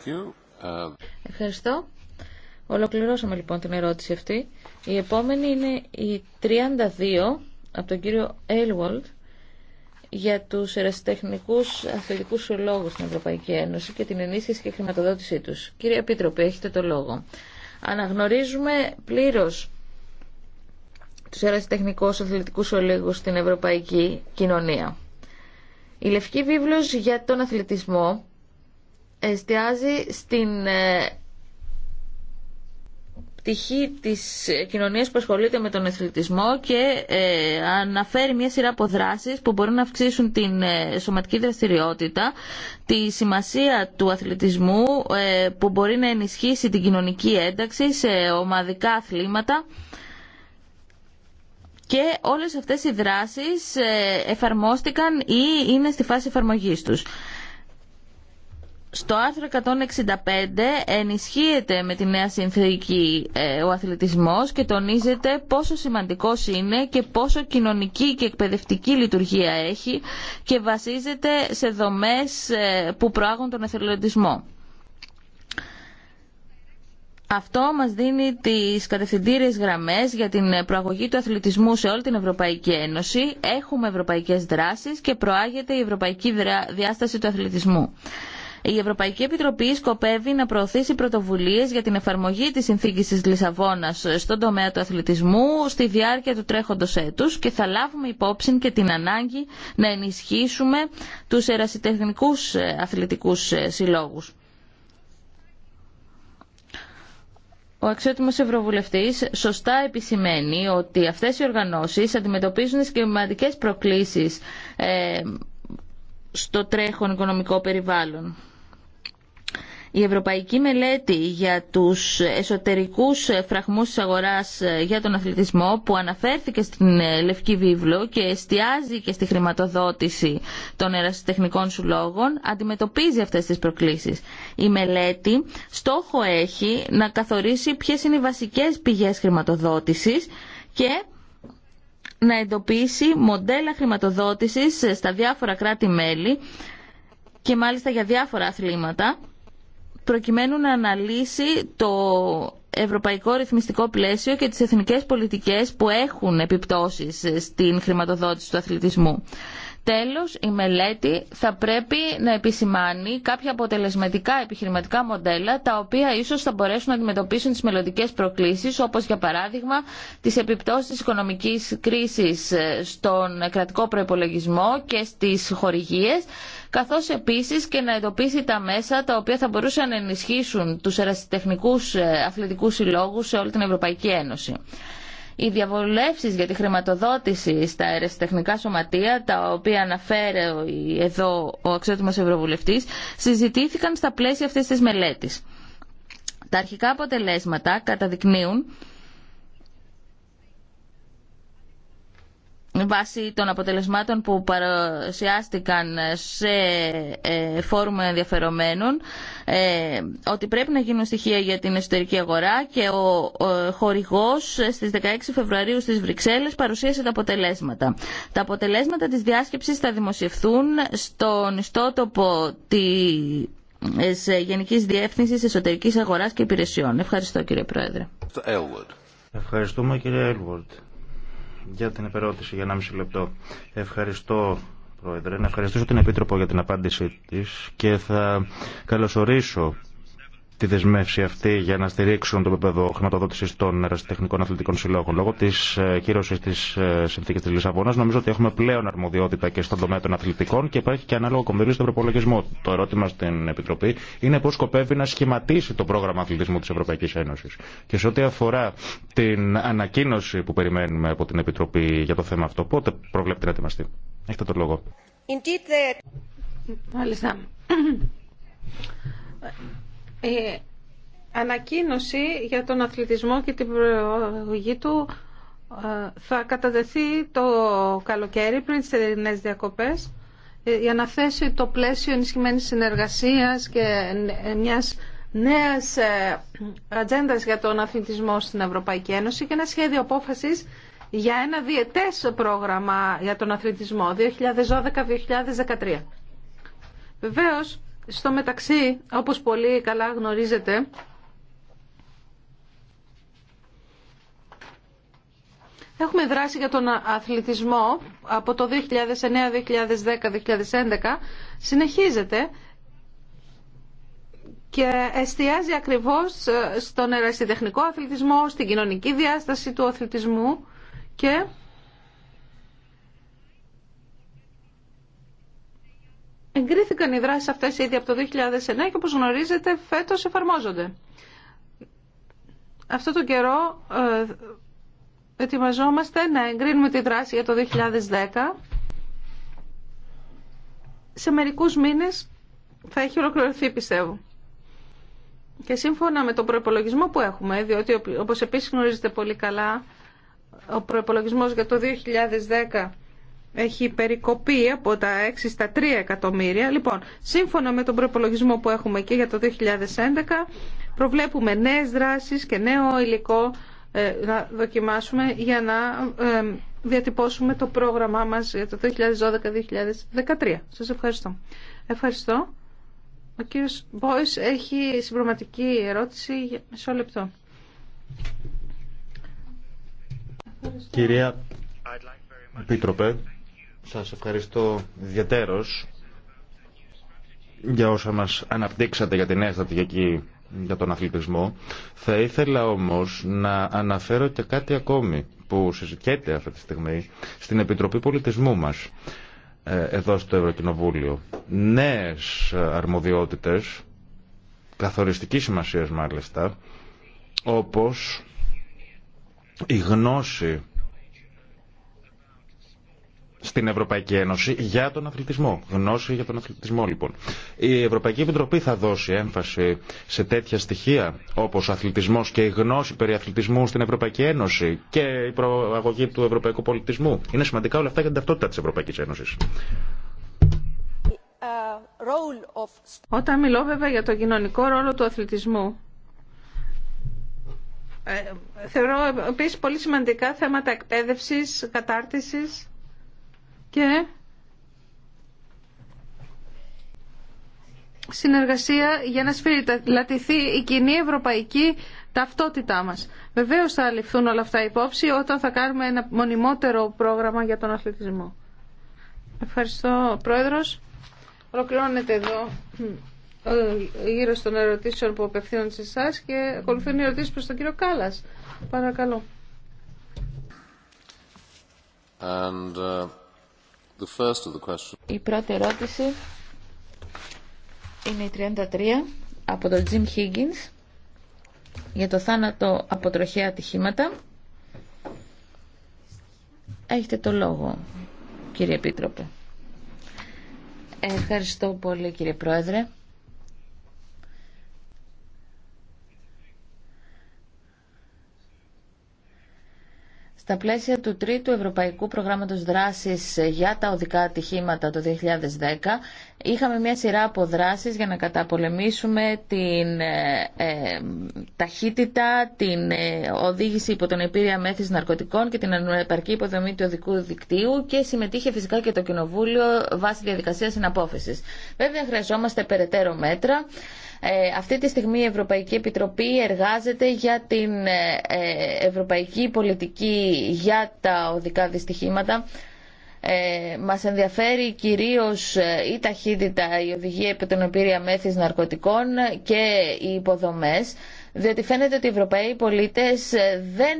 Ευχαριστώ. Ολοκληρώσαμε λοιπόν την ερώτηση αυτή. Η επόμενη είναι η 32 από τον κύριο Έλβολτ για τους ερασιτεχνικούς αθλητικούς συλλόγους στην Ευρωπαϊκή Ένωση και την ενίσχυση και χρηματοδότησή τους. Κύριε Επίτροπε, έχετε το λόγο. Αναγνωρίζουμε πλήρως τους ερασιτεχνικούς αθλητικούς συλλόγους στην Ευρωπαϊκή Κοινωνία. Η Λευκή Βίβλος για τον αθλητισμό εστιάζει στην ε, πτυχή της κοινωνίας που ασχολείται με τον αθλητισμό και ε, αναφέρει μια σειρά από δράσεις που μπορούν να αυξήσουν την ε, σωματική δραστηριότητα, τη σημασία του αθλητισμού ε, που μπορεί να ενισχύσει την κοινωνική ένταξη σε ομαδικά αθλήματα και όλες αυτές οι δράσεις εφαρμόστηκαν ή είναι στη φάση εφαρμογής τους στο άρθρο 165 ενισχύεται με τη νέα συνθήκη ε, ο αθλητισμός και τονίζεται πόσο σημαντικός είναι και πόσο κοινωνική και εκπαιδευτική λειτουργία έχει και βασίζεται σε δομές ε, που προάγουν τον αθλητισμό. Αυτό μας δίνει τις κατευθυντήριες γραμμές για την ε, προαγωγή του αθλητισμού σε όλη την Ευρωπαϊκή Ένωση. Έχουμε ευρωπαϊκές δράσεις και προάγεται η ευρωπαϊκή διάσταση του αθλητισμού. Η Ευρωπαϊκή Επιτροπή σκοπεύει να προωθήσει πρωτοβουλίε για την εφαρμογή τη συνθήκη τη Λισαβόνα στον τομέα του αθλητισμού στη διάρκεια του τρέχοντο έτου και θα λάβουμε υπόψη και την ανάγκη να ενισχύσουμε του ερασιτεχνικού ε, αθλητικού ε, συλλόγου. Ο αξιότιμος Ευρωβουλευτής σωστά επισημαίνει ότι αυτές οι οργανώσεις αντιμετωπίζουν σχηματικές προκλήσεις ε, στο τρέχον οικονομικό περιβάλλον. Η Ευρωπαϊκή Μελέτη για τους εσωτερικούς φραγμούς της αγοράς ε, για τον αθλητισμό που αναφέρθηκε στην ε, Λευκή Βίβλο και εστιάζει και στη χρηματοδότηση των ερασιτεχνικών σου λόγων, αντιμετωπίζει αυτές τις προκλήσεις. Η μελέτη στόχο έχει να καθορίσει ποιες είναι οι βασικές πηγές χρηματοδότησης και να εντοπίσει μοντέλα χρηματοδότησης ε, στα διάφορα κράτη-μέλη και μάλιστα για διάφορα αθλήματα προκειμένου να αναλύσει το ευρωπαϊκό ρυθμιστικό πλαίσιο και τις εθνικές πολιτικές που έχουν επιπτώσεις στην χρηματοδότηση του αθλητισμού. Τέλος, η μελέτη θα πρέπει να επισημάνει κάποια αποτελεσματικά επιχειρηματικά μοντέλα τα οποία ίσως θα μπορέσουν να αντιμετωπίσουν τις μελλοντικέ προκλήσεις όπως για παράδειγμα τις επιπτώσεις της οικονομικής κρίσης στον κρατικό προϋπολογισμό και στις χορηγίες καθώς επίσης και να εντοπίσει τα μέσα τα οποία θα μπορούσαν να ενισχύσουν τους ερασιτεχνικούς ε, αθλητικούς συλλόγους σε όλη την Ευρωπαϊκή Ένωση. Οι διαβολεύσεις για τη χρηματοδότηση στα αεραστεχνικά σωματεία, τα οποία αναφέρει εδώ ο αξιότιμος Ευρωβουλευτής, συζητήθηκαν στα πλαίσια αυτής της μελέτης. Τα αρχικά αποτελέσματα καταδεικνύουν βάσει των αποτελεσμάτων που παρουσιάστηκαν σε ε, φόρουμ ενδιαφερομένων ε, ότι πρέπει να γίνουν στοιχεία για την εσωτερική αγορά και ο χορηγός στις 16 Φεβρουαρίου στις Βρυξέλλες παρουσίασε τα αποτελέσματα. Τα αποτελέσματα της διάσκεψης θα δημοσιευθούν στον ιστότοπο της ε, Γενικής Διεύθυνσης Εσωτερικής Αγοράς και Υπηρεσιών. Ευχαριστώ κύριε Πρόεδρε. Ευχαριστούμε κύριε Έλβορτ για την επερώτηση για 1,5 λεπτό. Ευχαριστώ, Πρόεδρε. Να ευχαριστήσω την Επίτροπο για την απάντησή της και θα καλωσορίσω τη δεσμεύση αυτή για να στηρίξουν το επίπεδο χρηματοδότηση των ερασιτεχνικών αθλητικών συλλόγων. Λόγω τη ε, κύρωση τη ε, συνθήκη τη Λισαβόνα, νομίζω ότι έχουμε πλέον αρμοδιότητα και στον τομέα των αθλητικών και υπάρχει και ανάλογο κονδύλιο στον προπολογισμό. Το ερώτημα στην Επιτροπή είναι πώ σκοπεύει να σχηματίσει το πρόγραμμα αθλητισμού τη Ευρωπαϊκή Ένωση. Και σε ό,τι αφορά την ανακοίνωση που περιμένουμε από την Επιτροπή για το θέμα αυτό, πότε προβλέπεται να ετοιμαστεί. Έχετε το λόγο. Η ανακοίνωση για τον αθλητισμό και την προογή του ε, θα κατατεθεί το καλοκαίρι πριν τις ελληνές διακοπές ε, για να θέσει το πλαίσιο ενισχυμένης συνεργασίας και ε, μιας νέας ατζέντα για τον αθλητισμό στην Ευρωπαϊκή Ένωση και ένα σχέδιο απόφασης για ένα διετές πρόγραμμα για τον αθλητισμό 2012-2013. Βεβαίως, στο μεταξύ, όπως πολύ καλά γνωρίζετε, Έχουμε δράσει για τον αθλητισμό από το 2009, 2010, 2011. Συνεχίζεται και εστιάζει ακριβώς ε, στον ερασιτεχνικό αθλητισμό, στην κοινωνική διάσταση του αθλητισμού και Εγκρίθηκαν οι δράσεις αυτές ήδη από το 2009 και όπως γνωρίζετε φέτος εφαρμόζονται. Αυτό τον καιρό ε, ετοιμαζόμαστε να εγκρίνουμε τη δράση για το 2010. Σε μερικούς μήνες θα έχει ολοκληρωθεί πιστεύω. Και σύμφωνα με τον προεπολογισμό που έχουμε, διότι όπως επίσης γνωρίζετε πολύ καλά, ο προπολογισμό για το 2010 έχει περικοπεί από τα 6 στα 3 εκατομμύρια. Λοιπόν, σύμφωνα με τον προπολογισμό που έχουμε και για το 2011, προβλέπουμε νέες δράσεις και νέο υλικό ε, να δοκιμάσουμε για να ε, διατυπώσουμε το πρόγραμμά μας για το 2012-2013. Σας ευχαριστώ. Ευχαριστώ. Ο κύριος Μπόης έχει συμπροματική ερώτηση για μισό λεπτό. Κυρία Επίτροπε, σας ευχαριστώ ιδιαίτερος για όσα μας αναπτύξατε για την νέα στρατηγική για τον αθλητισμό. Θα ήθελα όμως να αναφέρω και κάτι ακόμη που συζητιέται αυτή τη στιγμή στην Επιτροπή Πολιτισμού μας ε, εδώ στο Ευρωκοινοβούλιο. Νέες αρμοδιότητες, καθοριστικής σημασίας μάλιστα, όπως η γνώση στην Ευρωπαϊκή Ένωση για τον αθλητισμό. Γνώση για τον αθλητισμό λοιπόν. Η Ευρωπαϊκή Επιτροπή θα δώσει έμφαση σε τέτοια στοιχεία όπως ο αθλητισμός και η γνώση περί αθλητισμού στην Ευρωπαϊκή Ένωση και η προαγωγή του ευρωπαϊκού πολιτισμού. Είναι σημαντικά όλα αυτά για την ταυτότητα της Ευρωπαϊκής Ένωσης. Όταν μιλώ βέβαια για τον κοινωνικό ρόλο του αθλητισμού, ε, θεωρώ επίσης πολύ σημαντικά θέματα εκπαίδευσης, κατάρτισης, και συνεργασία για να σφυριλατηθεί η κοινή ευρωπαϊκή ταυτότητά μας. Βεβαίως θα ληφθούν όλα αυτά υπόψη όταν θα κάνουμε ένα μονιμότερο πρόγραμμα για τον αθλητισμό. Ευχαριστώ Πρόεδρος. Ολοκληρώνεται εδώ ε, γύρω των ερωτήσεων που απευθύνονται σε εσά και ακολουθούν οι ερωτήσει προς τον κύριο Κάλλας. Παρακαλώ. And, ε, The first of the Η πρώτη ερώτηση είναι η 33 από τον Jim Higgins για το θάνατο από τροχαία ατυχήματα. Έχετε το λόγο, κύριε Επίτροπε. Ευχαριστώ πολύ, κύριε Πρόεδρε. Στα πλαίσια του τρίτου Ευρωπαϊκού Προγράμματος Δράσης για τα οδικά ατυχήματα το 2010, είχαμε μια σειρά από δράσεις για να καταπολεμήσουμε την ε, ε, ταχύτητα, την ε, οδήγηση υπό τον επίρρεια μέθης ναρκωτικών και την ανεπαρκή υποδομή του οδικού δικτύου και συμμετείχε φυσικά και το Κοινοβούλιο βάσει διαδικασία συναπόφεσης. Βέβαια χρειαζόμαστε περαιτέρω μέτρα. αυτή τη στιγμή η Ευρωπαϊκή Επιτροπή εργάζεται για την ευρωπαϊκή πολιτική για τα οδικά δυστυχήματα. Ε, μας ενδιαφέρει κυρίως ε, η ταχύτητα, η οδηγία επί των μέθης ναρκωτικών και οι υποδομές διότι φαίνεται ότι οι Ευρωπαίοι πολίτες ε, δεν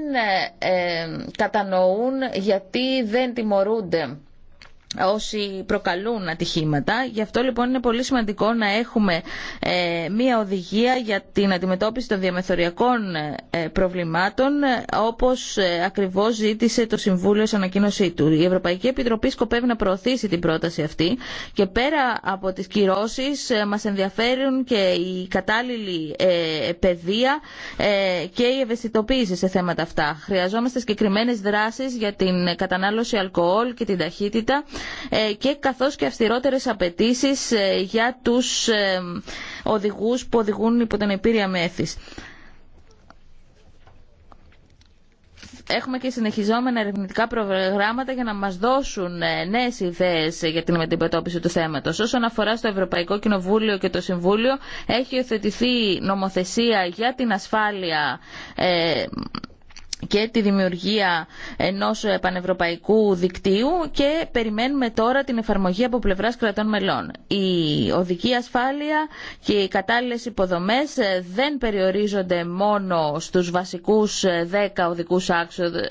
ε, κατανοούν γιατί δεν τιμωρούνται όσοι προκαλούν ατυχήματα. Γι' αυτό λοιπόν είναι πολύ σημαντικό να έχουμε ε, μία οδηγία για την αντιμετώπιση των διαμεθοριακών ε, προβλημάτων όπως ε, ακριβώς ζήτησε το Συμβούλιο σε ανακοίνωσή του. Η Ευρωπαϊκή Επιτροπή σκοπεύει να προωθήσει την πρόταση αυτή και πέρα από τις κυρώσεις μας ενδιαφέρουν και η κατάλληλη παιδεία και η ευαισθητοποίηση σε θέματα αυτά. Χρειαζόμαστε συγκεκριμένε δράσεις για την κατανάλωση αλκοόλ και την ταχύτητα ε, και καθώς και αυστηρότερες απαιτήσεις ε, για τους ε, οδηγούς που οδηγούν υπό την επίρρεια μέθης. Έχουμε και συνεχιζόμενα ερευνητικά προγράμματα για να μας δώσουν νέες ιδέες για την αντιμετώπιση του θέματος. Όσον αφορά στο Ευρωπαϊκό Κοινοβούλιο και το Συμβούλιο, έχει υιοθετηθεί νομοθεσία για την ασφάλεια και τη δημιουργία ενός πανευρωπαϊκού δικτύου και περιμένουμε τώρα την εφαρμογή από πλευράς κρατών μελών. Η οδική ασφάλεια και οι κατάλληλες υποδομές ε, δεν περιορίζονται μόνο στους βασικούς 10 ε, οδικούς άξονες,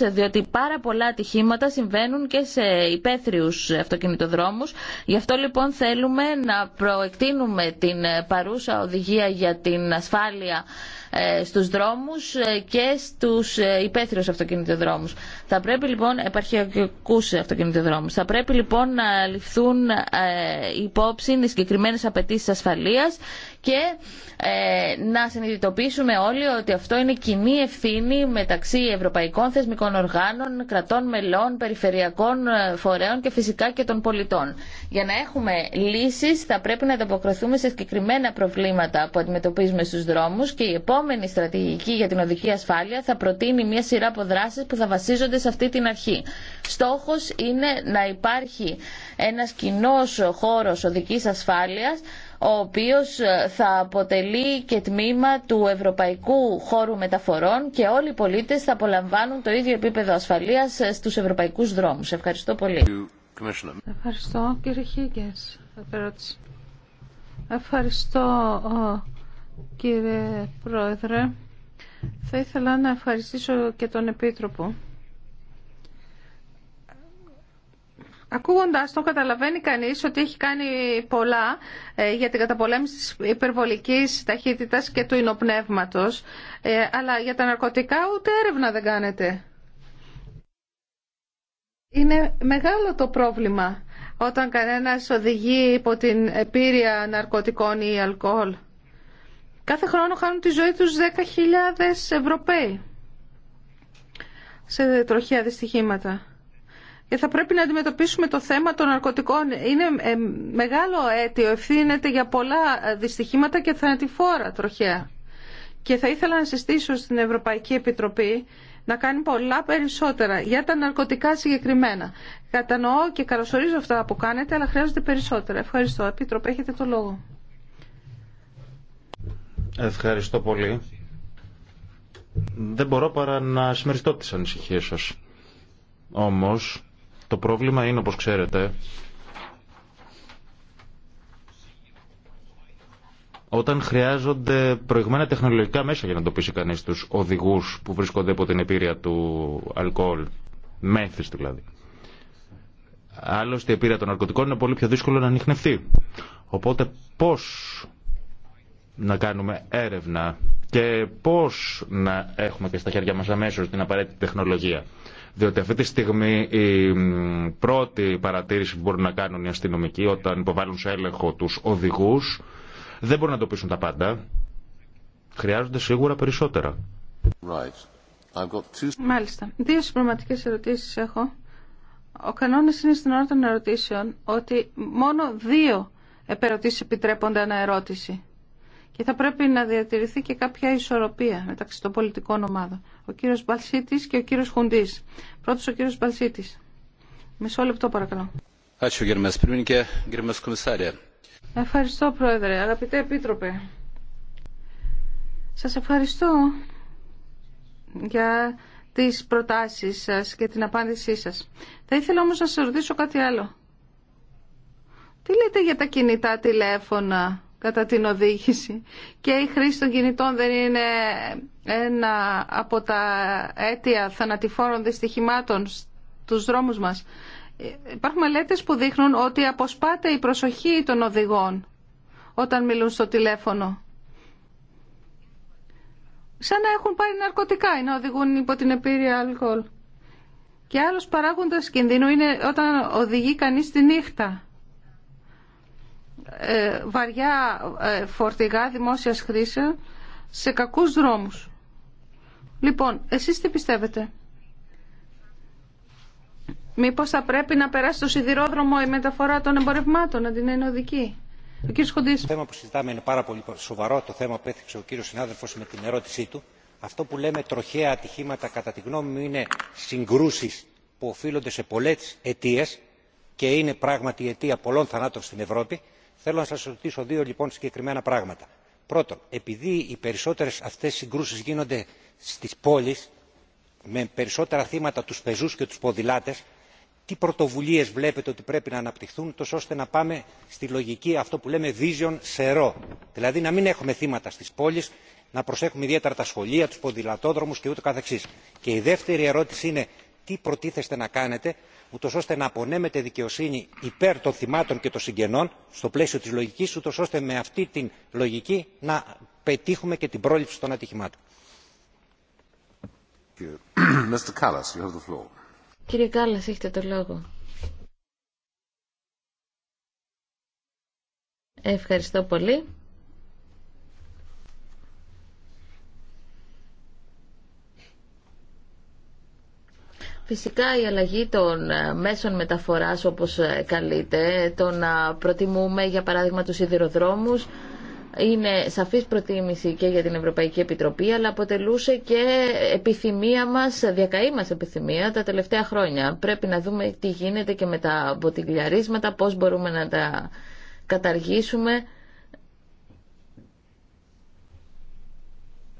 ε, διότι πάρα πολλά ατυχήματα συμβαίνουν και σε υπαίθριους αυτοκινητοδρόμους. Γι' αυτό λοιπόν θέλουμε να προεκτείνουμε την παρούσα οδηγία για την ασφάλεια ε, στους δρόμους ε, και στους ε, υπαίθριους αυτοκινητοδρόμους. Θα πρέπει λοιπόν, επαρχιακούς αυτοκινητοδρόμους, θα πρέπει λοιπόν να ληφθούν υπόψη οι συγκεκριμένες απαιτήσει ασφαλείας και ε, να συνειδητοποιήσουμε όλοι ότι αυτό είναι κοινή ευθύνη μεταξύ ευρωπαϊκών θεσμικών οργάνων, κρατών μελών, περιφερειακών ε, φορέων και φυσικά και των πολιτών. Για να έχουμε λύσει, θα πρέπει να ανταποκριθούμε σε συγκεκριμένα προβλήματα που αντιμετωπίζουμε στου δρόμου και η επόμενη στρατηγική για την οδική ασφάλεια θα προτείνει μια σειρά από δράσεις που θα βασίζονται σε αυτή την αρχή. Στόχο είναι να υπάρχει ένα κοινό χώρο οδική ασφάλεια ο οποίος ε, θα αποτελεί και τμήμα του ευρωπαϊκού χώρου μεταφορών και όλοι οι πολίτες θα απολαμβάνουν το ίδιο επίπεδο ασφαλείας ε, στους ευρωπαϊκούς δρόμους. Ευχαριστώ πολύ. Ευχαριστώ κύριε Χίγκες. Ευχαριστώ κύριε Πρόεδρε. Θα ήθελα να ευχαριστήσω και τον Επίτροπο. Ακούγοντας το καταλαβαίνει κανείς ότι έχει κάνει πολλά ε, για την καταπολέμηση της υπερβολικής ταχύτητας και του ινοπνεύματος, ε, αλλά για τα ναρκωτικά ούτε έρευνα δεν κάνετε. Είναι μεγάλο το πρόβλημα όταν κανένας οδηγεί υπό την επίρρεια ναρκωτικών ή αλκοόλ. Κάθε χρόνο χάνουν τη ζωή τους 10.000 Ευρωπαίοι σε τροχιά δυστυχήματα θα πρέπει να αντιμετωπίσουμε το θέμα των ναρκωτικών. Είναι ε, μεγάλο αίτιο, ευθύνεται για πολλά ε, δυστυχήματα και θανατηφόρα τροχέα. Και θα ήθελα να συστήσω στην Ευρωπαϊκή Επιτροπή να κάνει πολλά περισσότερα για τα ναρκωτικά συγκεκριμένα. Κατανοώ και καλωσορίζω αυτά που κάνετε, αλλά χρειάζονται περισσότερα. Ευχαριστώ. Επίτροπε, έχετε το λόγο. Ευχαριστώ πολύ. Δεν μπορώ παρά να συμμεριστώ τις ανησυχίες σας. Όμως, το πρόβλημα είναι, όπως ξέρετε, όταν χρειάζονται προηγμένα τεχνολογικά μέσα για να το εντοπίσει κανείς τους οδηγούς που βρίσκονται υπό την επίρρεια του αλκοόλ, μέθης δηλαδή. Άλλωστε η επίρρεια των ναρκωτικών είναι πολύ πιο δύσκολο να ανοιχνευτεί. Οπότε πώς να κάνουμε έρευνα και πώς να έχουμε και στα χέρια μας αμέσως την απαραίτητη τεχνολογία. Διότι αυτή τη στιγμή η πρώτη παρατήρηση που μπορούν να κάνουν οι αστυνομικοί όταν υποβάλλουν σε έλεγχο τους οδηγούς δεν μπορούν να το τα πάντα. Χρειάζονται σίγουρα περισσότερα. Μάλιστα. Δύο συμπληρωματικές ερωτήσεις έχω. Ο κανόνας είναι στην ώρα των ερωτήσεων ότι μόνο δύο επερωτήσεις επιτρέπονται ερώτηση. Και θα πρέπει να διατηρηθεί και κάποια ισορροπία μεταξύ των πολιτικών ομάδων. Ο κύριο Μπαλσίτη και ο κύριο Χουντή. Πρώτος ο κύριο Μπαλσίτη. Μισό λεπτό παρακαλώ. Ευχαριστώ Πρόεδρε. Αγαπητέ Επίτροπε. Σας ευχαριστώ για τις προτάσεις σας και την απάντησή σας. Θα ήθελα όμως να σας ρωτήσω κάτι άλλο. Τι λέτε για τα κινητά τηλέφωνα κατά την οδήγηση και η χρήση των κινητών δεν είναι ένα από τα αίτια θανατηφόρων δυστυχημάτων στους δρόμους μας. Υπάρχουν μελέτες που δείχνουν ότι αποσπάται η προσοχή των οδηγών όταν μιλούν στο τηλέφωνο. Σαν να έχουν πάρει ναρκωτικά ή να οδηγούν υπό την επίρρεια αλκοόλ. Και άλλος παράγοντας κινδύνου είναι όταν οδηγεί κανείς τη νύχτα. Ε, βαριά ε, φορτηγά δημόσιας χρήσης σε κακούς δρόμους. Λοιπόν, εσείς τι πιστεύετε. Μήπως θα πρέπει να περάσει το σιδηρόδρομο η μεταφορά των εμπορευμάτων, αντί να είναι οδική. Ο κύριος Χοντής. Το θέμα που συζητάμε είναι πάρα πολύ σοβαρό, το θέμα που έθιξε ο κύριος συνάδελφος με την ερώτησή του. Αυτό που λέμε τροχαία ατυχήματα, κατά τη γνώμη μου, είναι συγκρούσεις που οφείλονται σε πολλές αιτίες και είναι πράγματι η αιτία πολλών θανάτων στην Ευρώπη θέλω να σα ρωτήσω δύο λοιπόν συγκεκριμένα πράγματα. πρώτον επειδή οι περισσότερε αυτέ συγκρούσει γίνονται στι πόλει με περισσότερα θύματα του πεζού και του ποδηλάτε τι πρωτοβουλίε βλέπετε ότι πρέπει να αναπτυχθούν τόσο ώστε να πάμε στη λογική αυτό που λέμε vision zero δηλαδή να μην έχουμε θύματα στι πόλει να προσέχουμε ιδιαίτερα τα σχολεία του ποδηλατόδρομου και ούτω καθεξής. και η δεύτερη ερώτηση είναι τι προτίθεστε να κάνετε ούτω ώστε να απονέμεται δικαιοσύνη υπέρ των θυμάτων και των συγγενών στο πλαίσιο τη λογική ούτω ώστε με αυτή τη λογική να πετύχουμε και την πρόληψη των ατυχημάτων. Κύριε [clears throat] έχετε το λόγο. Ευχαριστώ πολύ. Φυσικά η αλλαγή των ε, μέσων μεταφοράς όπως ε, καλείται, το να προτιμούμε για παράδειγμα τους σιδηροδρόμους, είναι σαφής προτίμηση και για την Ευρωπαϊκή Επιτροπή, αλλά αποτελούσε και επιθυμία μας, διακαή μας επιθυμία τα τελευταία χρόνια. Πρέπει να δούμε τι γίνεται και με τα βοτιγλιαρίσματα πώς μπορούμε να τα καταργήσουμε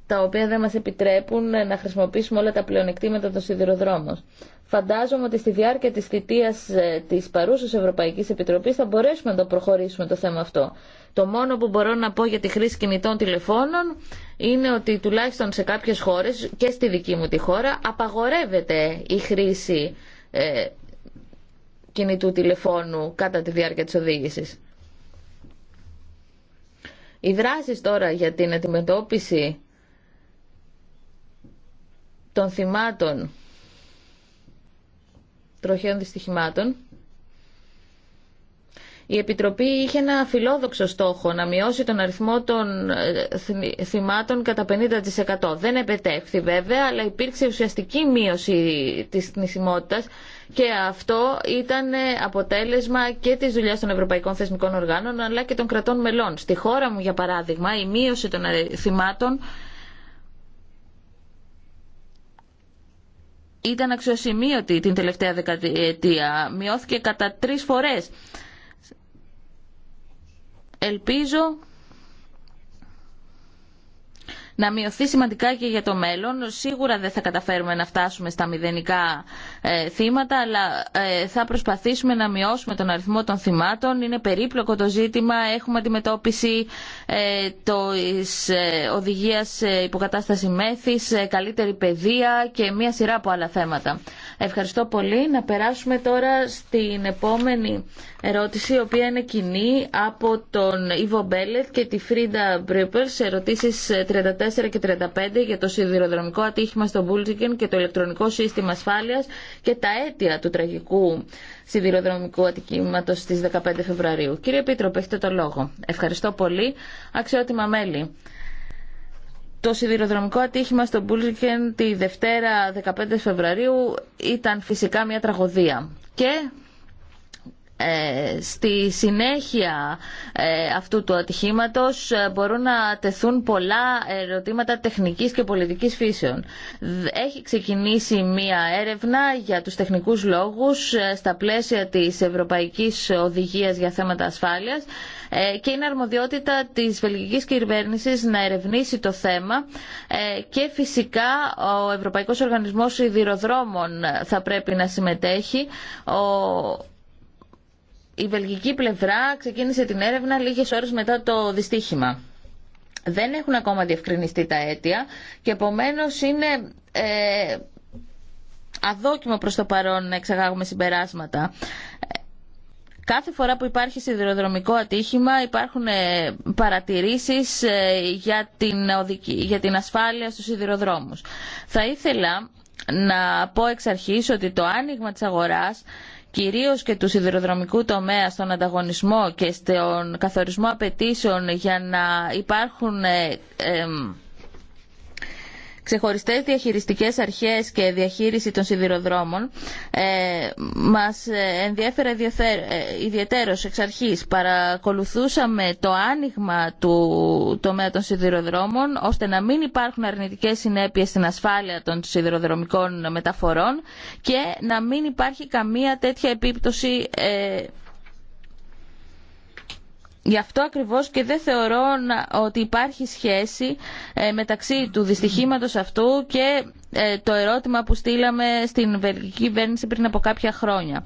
τα οποία δεν μας επιτρέπουν να χρησιμοποιήσουμε όλα τα πλεονεκτήματα των σιδηροδρόμων. Φαντάζομαι ότι στη διάρκεια της θητείας ε, της παρούσας Ευρωπαϊκής Επιτροπής θα μπορέσουμε να το προχωρήσουμε το θέμα αυτό. Το μόνο που μπορώ να πω για τη χρήση κινητών τηλεφώνων είναι ότι τουλάχιστον σε κάποιες χώρες και στη δική μου τη χώρα απαγορεύεται η χρήση ε, κινητού τηλεφώνου κατά τη διάρκεια της οδήγησης. Οι δράσεις τώρα για την αντιμετώπιση των θυμάτων τροχαίων δυστυχημάτων, η Επιτροπή είχε ένα φιλόδοξο στόχο να μειώσει τον αριθμό των ε, θυμάτων κατά 50%. Δεν επετέχθη βέβαια, αλλά υπήρξε ουσιαστική μείωση της θνησιμότητας και αυτό ήταν ε, αποτέλεσμα και της δουλειάς των Ευρωπαϊκών Θεσμικών Οργάνων αλλά και των κρατών μελών. Στη χώρα μου, για παράδειγμα, η μείωση των ε, θυμάτων ήταν αξιοσημείωτη την τελευταία δεκαετία. Μειώθηκε κατά τρεις φορές. Ελπίζω να μειωθεί σημαντικά και για το μέλλον. Σίγουρα δεν θα καταφέρουμε να φτάσουμε στα μηδενικά ε, θύματα, αλλά ε, θα προσπαθήσουμε να μειώσουμε τον αριθμό των θυμάτων. Είναι περίπλοκο το ζήτημα. Έχουμε αντιμετώπιση ε, της οδηγίας υποκατάσταση μέθης, καλύτερη παιδεία και μία σειρά από άλλα θέματα. Ευχαριστώ πολύ. Να περάσουμε τώρα στην επόμενη ερώτηση, η οποία είναι κοινή από τον Ιβο Μπέλετ και τη Φρίντα Μπρίπερ σε ερωτήσει 34 34 και 35 για το σιδηροδρομικό ατύχημα στο Μπούλτζικεν και το ηλεκτρονικό σύστημα ασφάλειας και τα αίτια του τραγικού σιδηροδρομικού ατυχήματος στις 15 Φεβρουαρίου. Κύριε Επίτροπε, έχετε το λόγο. Ευχαριστώ πολύ. Αξιότιμα μέλη. Το σιδηροδρομικό ατύχημα στο Μπούλτζικεν τη Δευτέρα 15 Φεβρουαρίου ήταν φυσικά μια τραγωδία. Και ε, στη συνέχεια ε, αυτού του ατυχήματος ε, μπορούν να τεθούν πολλά ερωτήματα τεχνικής και πολιτικής φύσεων. Έχει ξεκινήσει μία έρευνα για τους τεχνικούς λόγους στα πλαίσια της Ευρωπαϊκής Οδηγίας για θέματα ασφάλειας και είναι αρμοδιότητα της βελγικής κυβέρνησης να ερευνήσει το θέμα και φυσικά ο Ευρωπαϊκός Οργανισμός Ιδηροδρόμων θα πρέπει να συμμετέχει. Ο η βελγική πλευρά ξεκίνησε την έρευνα λίγες ώρες μετά το δυστύχημα. Δεν έχουν ακόμα διευκρινιστεί τα αίτια και επομένως είναι ε, αδόκιμο προς το παρόν να εξαγάγουμε συμπεράσματα. Κάθε φορά που υπάρχει σιδηροδρομικό ατύχημα υπάρχουν ε, παρατηρήσεις ε, για την, για την ασφάλεια στους σιδηροδρόμους. Θα ήθελα να πω εξ αρχής ότι το άνοιγμα της αγοράς κυρίως και του σιδηροδρομικού τομέα στον ανταγωνισμό και στον καθορισμό απαιτήσεων για να υπάρχουν ε, ε, ξεχωριστές διαχειριστικές αρχές και διαχείριση των σιδηροδρόμων ε, μας ε, ενδιέφερε ε, ιδιαίτερος εξ αρχής. Παρακολουθούσαμε το άνοιγμα του τομέα των σιδηροδρόμων ώστε να μην υπάρχουν αρνητικές συνέπειες στην ασφάλεια των σιδηροδρομικών μεταφορών και να μην υπάρχει καμία τέτοια επίπτωση ε, Γι' αυτό ακριβώς και δεν θεωρώ ότι υπάρχει σχέση ε, μεταξύ του δυστυχήματος αυτού και ε, το ερώτημα που στείλαμε στην βελγική κυβέρνηση πριν από κάποια χρόνια.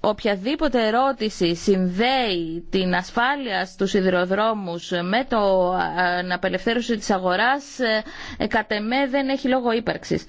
Οποιαδήποτε ερώτηση συνδέει την ασφάλεια στους σιδηροδρόμους με την ε, απελευθέρωση της αγοράς, κατ' εμέ δεν έχει λόγο ύπαρξης.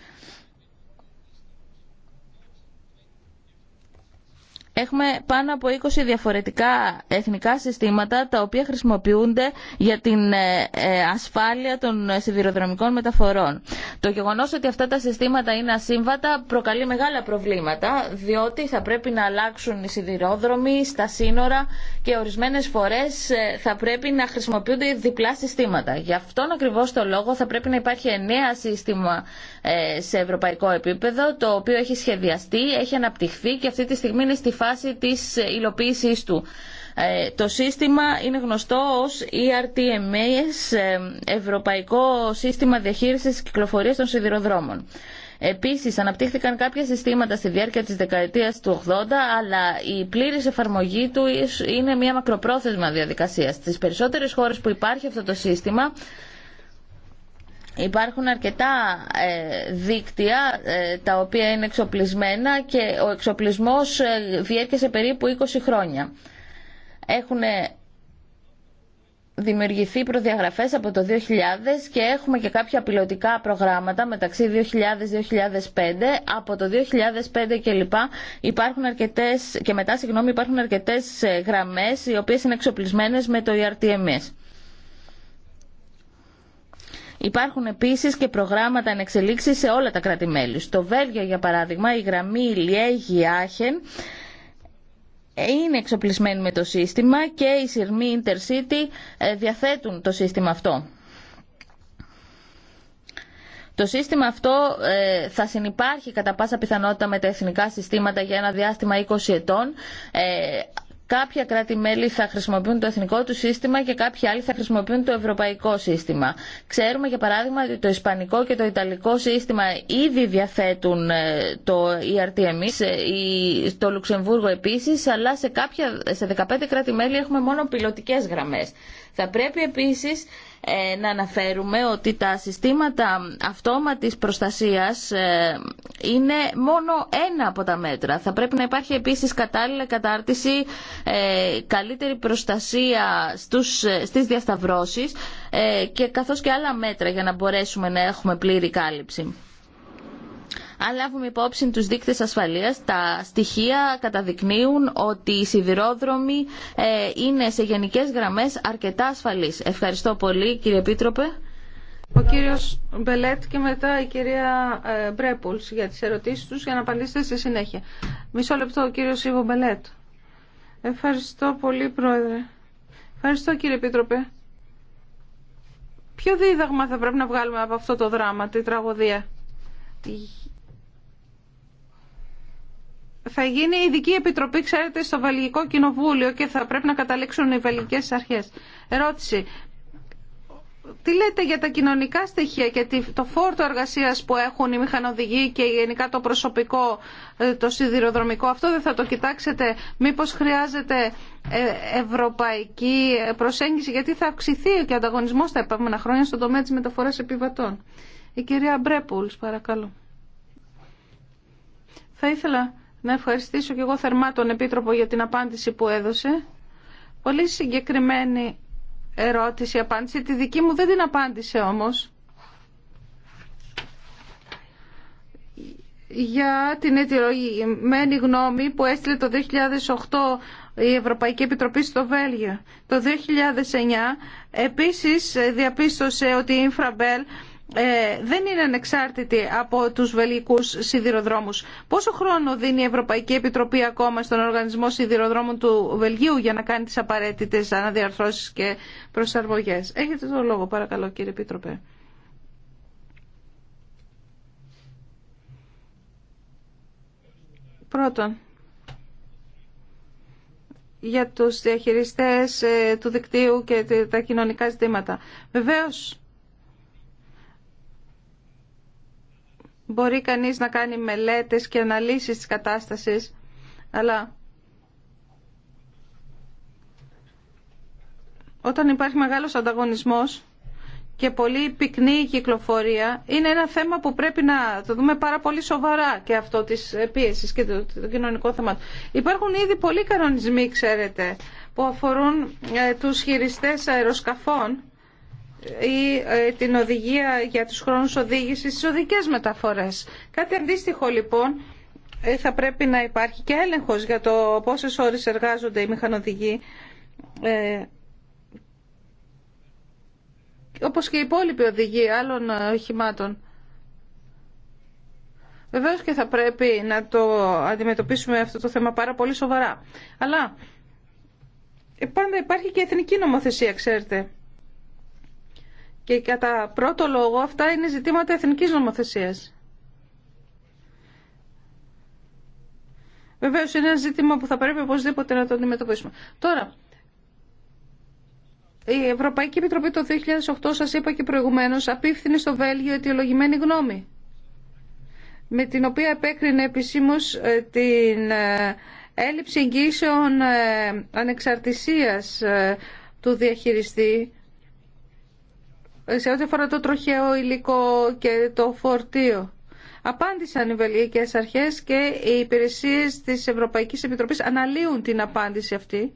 Έχουμε πάνω από 20 διαφορετικά εθνικά συστήματα τα οποία χρησιμοποιούνται για την ε, ε, ασφάλεια των σιδηροδρομικών μεταφορών. Το γεγονός ότι αυτά τα συστήματα είναι ασύμβατα προκαλεί μεγάλα προβλήματα διότι θα πρέπει να αλλάξουν οι σιδηρόδρομοι στα σύνορα και ορισμένες φορές ε, θα πρέπει να χρησιμοποιούνται διπλά συστήματα. Γι' αυτόν ακριβώς το λόγο θα πρέπει να υπάρχει νέα σύστημα ε, σε ευρωπαϊκό επίπεδο, το οποίο έχει σχεδιαστεί, έχει αναπτυχθεί και αυτή τη στιγμή είναι στη φάση της υλοποίησής του. Ε, το σύστημα είναι γνωστό ως ERTMS, ε, Ευρωπαϊκό Σύστημα Διαχείρισης Κυκλοφορίας των Σιδηροδρόμων. Επίσης, αναπτύχθηκαν κάποια συστήματα στη διάρκεια της δεκαετίας του 80, αλλά η πλήρης εφαρμογή του είναι μια μακροπρόθεσμα διαδικασία. Στις περισσότερες χώρες που υπάρχει αυτό το σύστημα, Υπάρχουν αρκετά ε, δίκτυα ε, τα οποία είναι εξοπλισμένα και ο εξοπλισμός ε, διέρχεται περίπου 20 χρόνια. Έχουν δημιουργηθεί προδιαγραφές από το 2000 και έχουμε και κάποια πιλωτικά προγράμματα μεταξύ 2000-2005. Από το 2005 και λοιπά υπάρχουν αρκετές, και μετά συγγνώμη, υπάρχουν αρκετές γραμμές οι οποίες είναι εξοπλισμένες με το ERTMS. Υπάρχουν επίσης και προγράμματα ανεξελίξης σε όλα τα κράτη-μέλη. Στο Βέλγιο, για παράδειγμα, η γραμμή Λιέγη-Άχεν είναι εξοπλισμένη με το σύστημα και οι σειρμοί Intercity ε, διαθέτουν το σύστημα αυτό. Το σύστημα αυτό ε, θα συνεπάρχει κατά πάσα πιθανότητα με τα εθνικά συστήματα για ένα διάστημα 20 ετών ε, Κάποια κράτη-μέλη θα χρησιμοποιούν το εθνικό του σύστημα και κάποια άλλοι θα χρησιμοποιούν το ευρωπαϊκό σύστημα. Ξέρουμε, για παράδειγμα, ότι το ισπανικό και το ιταλικό σύστημα ήδη διαθέτουν ε, το ERTMS, ε, το Λουξεμβούργο επίσης, αλλά σε, κάποια, σε 15 κράτη-μέλη έχουμε μόνο πιλωτικές γραμμές. Θα πρέπει επίσης ε, να αναφέρουμε ότι τα συστήματα αυτόματης προστασίας είναι μόνο ένα από τα μέτρα. Θα πρέπει να υπάρχει επίσης κατάλληλη κατάρτιση, ε, καλύτερη προστασία στους, ε, στις διασταυρώσεις ε, και καθώς και άλλα μέτρα για να μπορέσουμε να έχουμε πλήρη κάλυψη. Αν λάβουμε υπόψη τους δείκτες ασφαλείας, τα στοιχεία καταδεικνύουν ότι οι σιδηρόδρομοι είναι σε γενικές γραμμές αρκετά ασφαλείς. Ευχαριστώ πολύ κύριε Επίτροπε. Ο κύριος Μπελέτ και μετά η κυρία ε, Μπρέπουλς για τις ερωτήσεις τους για να απαντήσετε στη συνέχεια. Μισό λεπτό ο κύριος Ιβο Μπελέτ. Ευχαριστώ πολύ πρόεδρε. Ευχαριστώ κύριε Επίτροπε. Ποιο δίδαγμα θα πρέπει να βγάλουμε από αυτό το δράμα, τη τραγωδία. Θα γίνει ειδική επιτροπή, ξέρετε, στο Βελγικό Κοινοβούλιο και θα πρέπει να καταλήξουν οι βελγικές αρχές. Ερώτηση τι λέτε για τα κοινωνικά στοιχεία και το φόρτο εργασίας που έχουν οι μηχανοδηγοί και γενικά το προσωπικό, ε, το σιδηροδρομικό. Αυτό δεν θα το κοιτάξετε. Μήπως χρειάζεται ε, ευρωπαϊκή ε, προσέγγιση γιατί θα αυξηθεί και ο ανταγωνισμός τα επόμενα χρόνια στον τομέα της μεταφοράς επιβατών. Η κυρία Μπρέπουλς, παρακαλώ. Θα ήθελα να ευχαριστήσω και εγώ θερμά τον Επίτροπο για την απάντηση που έδωσε. Πολύ συγκεκριμένη ερώτηση, απάντηση. Τη δική μου δεν την απάντησε όμως. για την αιτηρογημένη γνώμη που έστειλε το 2008 η Ευρωπαϊκή Επιτροπή στο Βέλγιο. Το 2009 επίσης διαπίστωσε ότι η Infrabel ε, δεν είναι ανεξάρτητη από τους βελγικούς σιδηροδρόμους. Πόσο χρόνο δίνει η Ευρωπαϊκή Επιτροπή ακόμα στον Οργανισμό Σιδηροδρόμων του Βελγίου για να κάνει τις απαραίτητες αναδιαρθρώσεις και προσαρμογές. Έχετε το λόγο παρακαλώ κύριε Επίτροπε. Πρώτον, για τους διαχειριστές ε, του δικτύου και τα κοινωνικά ζητήματα. Βεβαίως, Μπορεί κανείς να κάνει μελέτες και αναλύσεις της κατάστασης, αλλά όταν υπάρχει μεγάλος ανταγωνισμός και πολύ πυκνή κυκλοφορία, είναι ένα θέμα που πρέπει να το δούμε πάρα πολύ σοβαρά και αυτό της πίεσης και το, κοινωνικό θέμα. Υπάρχουν ήδη πολλοί κανονισμοί, ξέρετε, που αφορούν ε, τους χειριστές αεροσκαφών ή ε, την οδηγία για τους χρόνους οδήγησης στις οδικές μεταφορές. Κάτι αντίστοιχο λοιπόν ε, θα πρέπει να υπάρχει και έλεγχος για το πόσες ώρες εργάζονται οι μηχανοδηγοί ε, όπως και οι υπόλοιποι οδηγοί άλλων οχημάτων. Βεβαίω και θα πρέπει να το αντιμετωπίσουμε αυτό το θέμα πάρα πολύ σοβαρά. Αλλά πάντα υπάρχει και εθνική νομοθεσία, ξέρετε. Και κατά πρώτο λόγο αυτά είναι ζητήματα εθνικής νομοθεσίας. Βεβαίω είναι ένα ζήτημα που θα πρέπει οπωσδήποτε να το αντιμετωπίσουμε. Τώρα, η Ευρωπαϊκή Επιτροπή το 2008, σας είπα και προηγουμένως, απίφθινε στο Βέλγιο αιτιολογημένη γνώμη, με την οποία επέκρινε επισήμως ε, την ε, έλλειψη εγγύσεων ε, ανεξαρτησίας του διαχειριστή σε ό,τι αφορά το τροχαίο υλικό και το φορτίο. Απάντησαν οι βελγικές αρχές και οι υπηρεσίες της Ευρωπαϊκής Επιτροπής αναλύουν την απάντηση αυτή.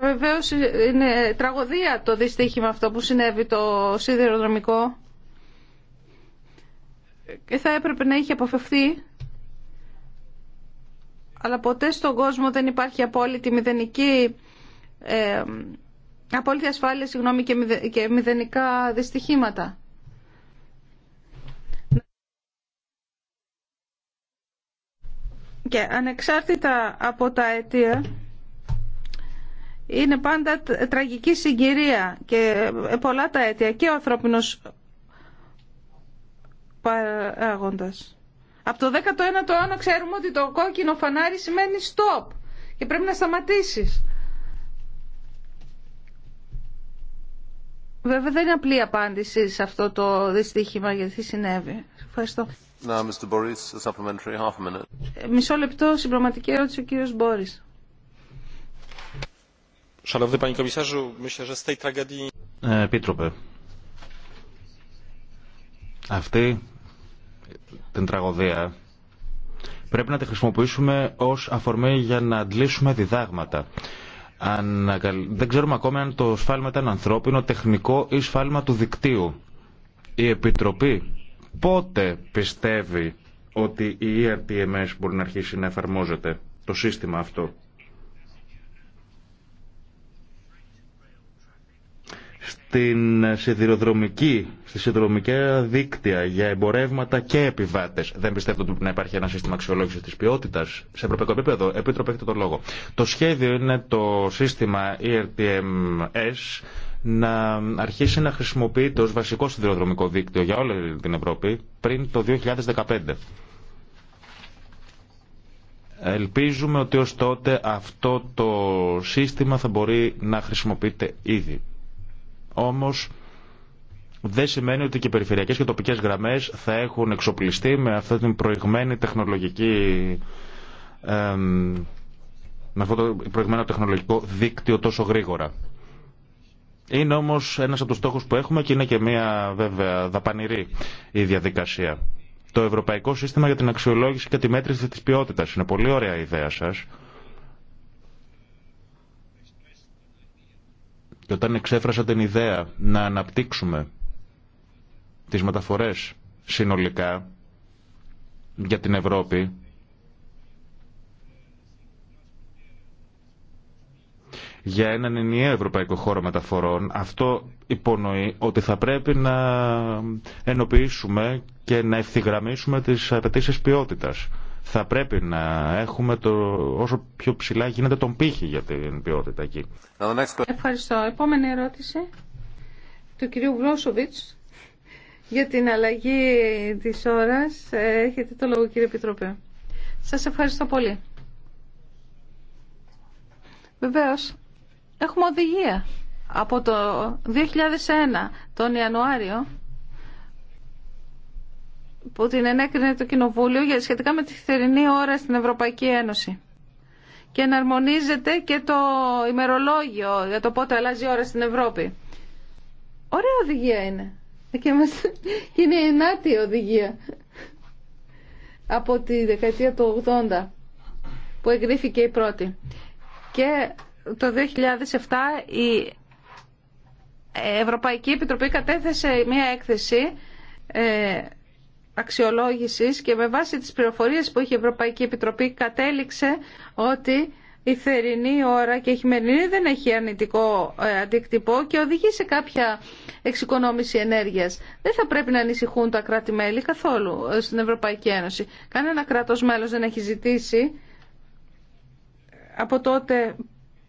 Βεβαίω είναι τραγωδία το δυστύχημα αυτό που συνέβη το σιδηροδρομικό και θα έπρεπε να είχε αποφευθεί αλλά ποτέ στον κόσμο δεν υπάρχει απόλυτη μηδενική ε, απόλυτη ασφάλεια συγγνώμη, και, και μηδενικά δυστυχήματα. Και ανεξάρτητα από τα αιτία είναι πάντα τραγική συγκυρία και ε, πολλά τα αίτια και ο ανθρώπινος παράγοντας. Από το 19ο αιώνα ξέρουμε ότι το κόκκινο φανάρι σημαίνει stop και πρέπει να σταματήσεις. Βέβαια δεν είναι απλή απάντηση σε αυτό το δυστύχημα γιατί συνέβη. Ευχαριστώ. Now, Mr. Boris, a supplementary half a minute. Ε, μισό λεπτό, συμπληρωματική ερώτηση ο κύριος Μπόρις. Ε, επίτροπε, αυτή την τραγωδία πρέπει να τη χρησιμοποιήσουμε ως αφορμή για να αντλήσουμε διδάγματα. Δεν ξέρουμε ακόμα αν το σφάλμα ήταν ανθρώπινο, τεχνικό ή σφάλμα του δικτύου. Η Επιτροπή πότε πιστεύει ότι η ERTMS μπορεί να αρχίσει να εφαρμόζεται, το σύστημα αυτό. στην σιδηροδρομική, στη δίκτυα για εμπορεύματα και επιβάτε. Δεν πιστεύω ότι να υπάρχει ένα σύστημα αξιολόγηση τη ποιότητα σε ευρωπαϊκό επίπεδο. Επίτροπε, έχετε τον λόγο. Το σχέδιο είναι το σύστημα ERTMS να αρχίσει να χρησιμοποιείται ως βασικό σιδηροδρομικό δίκτυο για όλη την Ευρώπη πριν το 2015. Ελπίζουμε ότι ως τότε αυτό το σύστημα θα μπορεί να χρησιμοποιείται ήδη. Όμως δεν σημαίνει ότι και οι περιφερειακές και τοπικές γραμμές θα έχουν εξοπλιστεί με αυτή την προηγμένη τεχνολογική με αυτό το προηγμένο τεχνολογικό δίκτυο τόσο γρήγορα. Είναι όμως ένας από τους στόχους που έχουμε και είναι και μια βέβαια δαπανηρή η διαδικασία. Το Ευρωπαϊκό Σύστημα για την Αξιολόγηση και τη Μέτρηση της Ποιότητας είναι πολύ ωραία ιδέα σας Και όταν εξέφρασα την ιδέα να αναπτύξουμε τις μεταφορές συνολικά για την Ευρώπη, για έναν ενιαίο ευρωπαϊκό χώρο μεταφορών, αυτό υπονοεί ότι θα πρέπει να ενοποιήσουμε και να ευθυγραμμίσουμε τις απαιτήσει ποιότητας. Θα πρέπει να έχουμε το, όσο πιο ψηλά γίνεται τον πύχη για την ποιότητα εκεί. Ευχαριστώ. Επόμενη ερώτηση του κυρίου Βρόσοβιτς για την αλλαγή της ώρας. Έχετε το λόγο κύριε Επιτροπέ. Σας ευχαριστώ πολύ. Βεβαίως, έχουμε οδηγία από το 2001 τον Ιανουάριο που την ενέκρινε το Κοινοβούλιο σχετικά με τη θερινή ώρα στην Ευρωπαϊκή Ένωση. Και εναρμονίζεται και το ημερολόγιο για το πότε αλλάζει η ώρα στην Ευρώπη. Ωραία οδηγία είναι. Και είναι η ενάτη οδηγία από τη δεκαετία του 80 που εγκρίθηκε η πρώτη. Και το 2007 η Ευρωπαϊκή Επιτροπή κατέθεσε μια έκθεση ε, αξιολόγησης και με βάση τις πληροφορίες που είχε η Ευρωπαϊκή Επιτροπή κατέληξε ότι η θερινή ώρα και η χειμερινή δεν έχει αρνητικό ε, αντίκτυπο και οδηγεί σε κάποια εξοικονόμηση ενέργειας. Δεν θα πρέπει να ανησυχούν τα κράτη-μέλη καθόλου ε, στην Ευρωπαϊκή Ένωση. Κανένα κράτος μέλος δεν έχει ζητήσει από τότε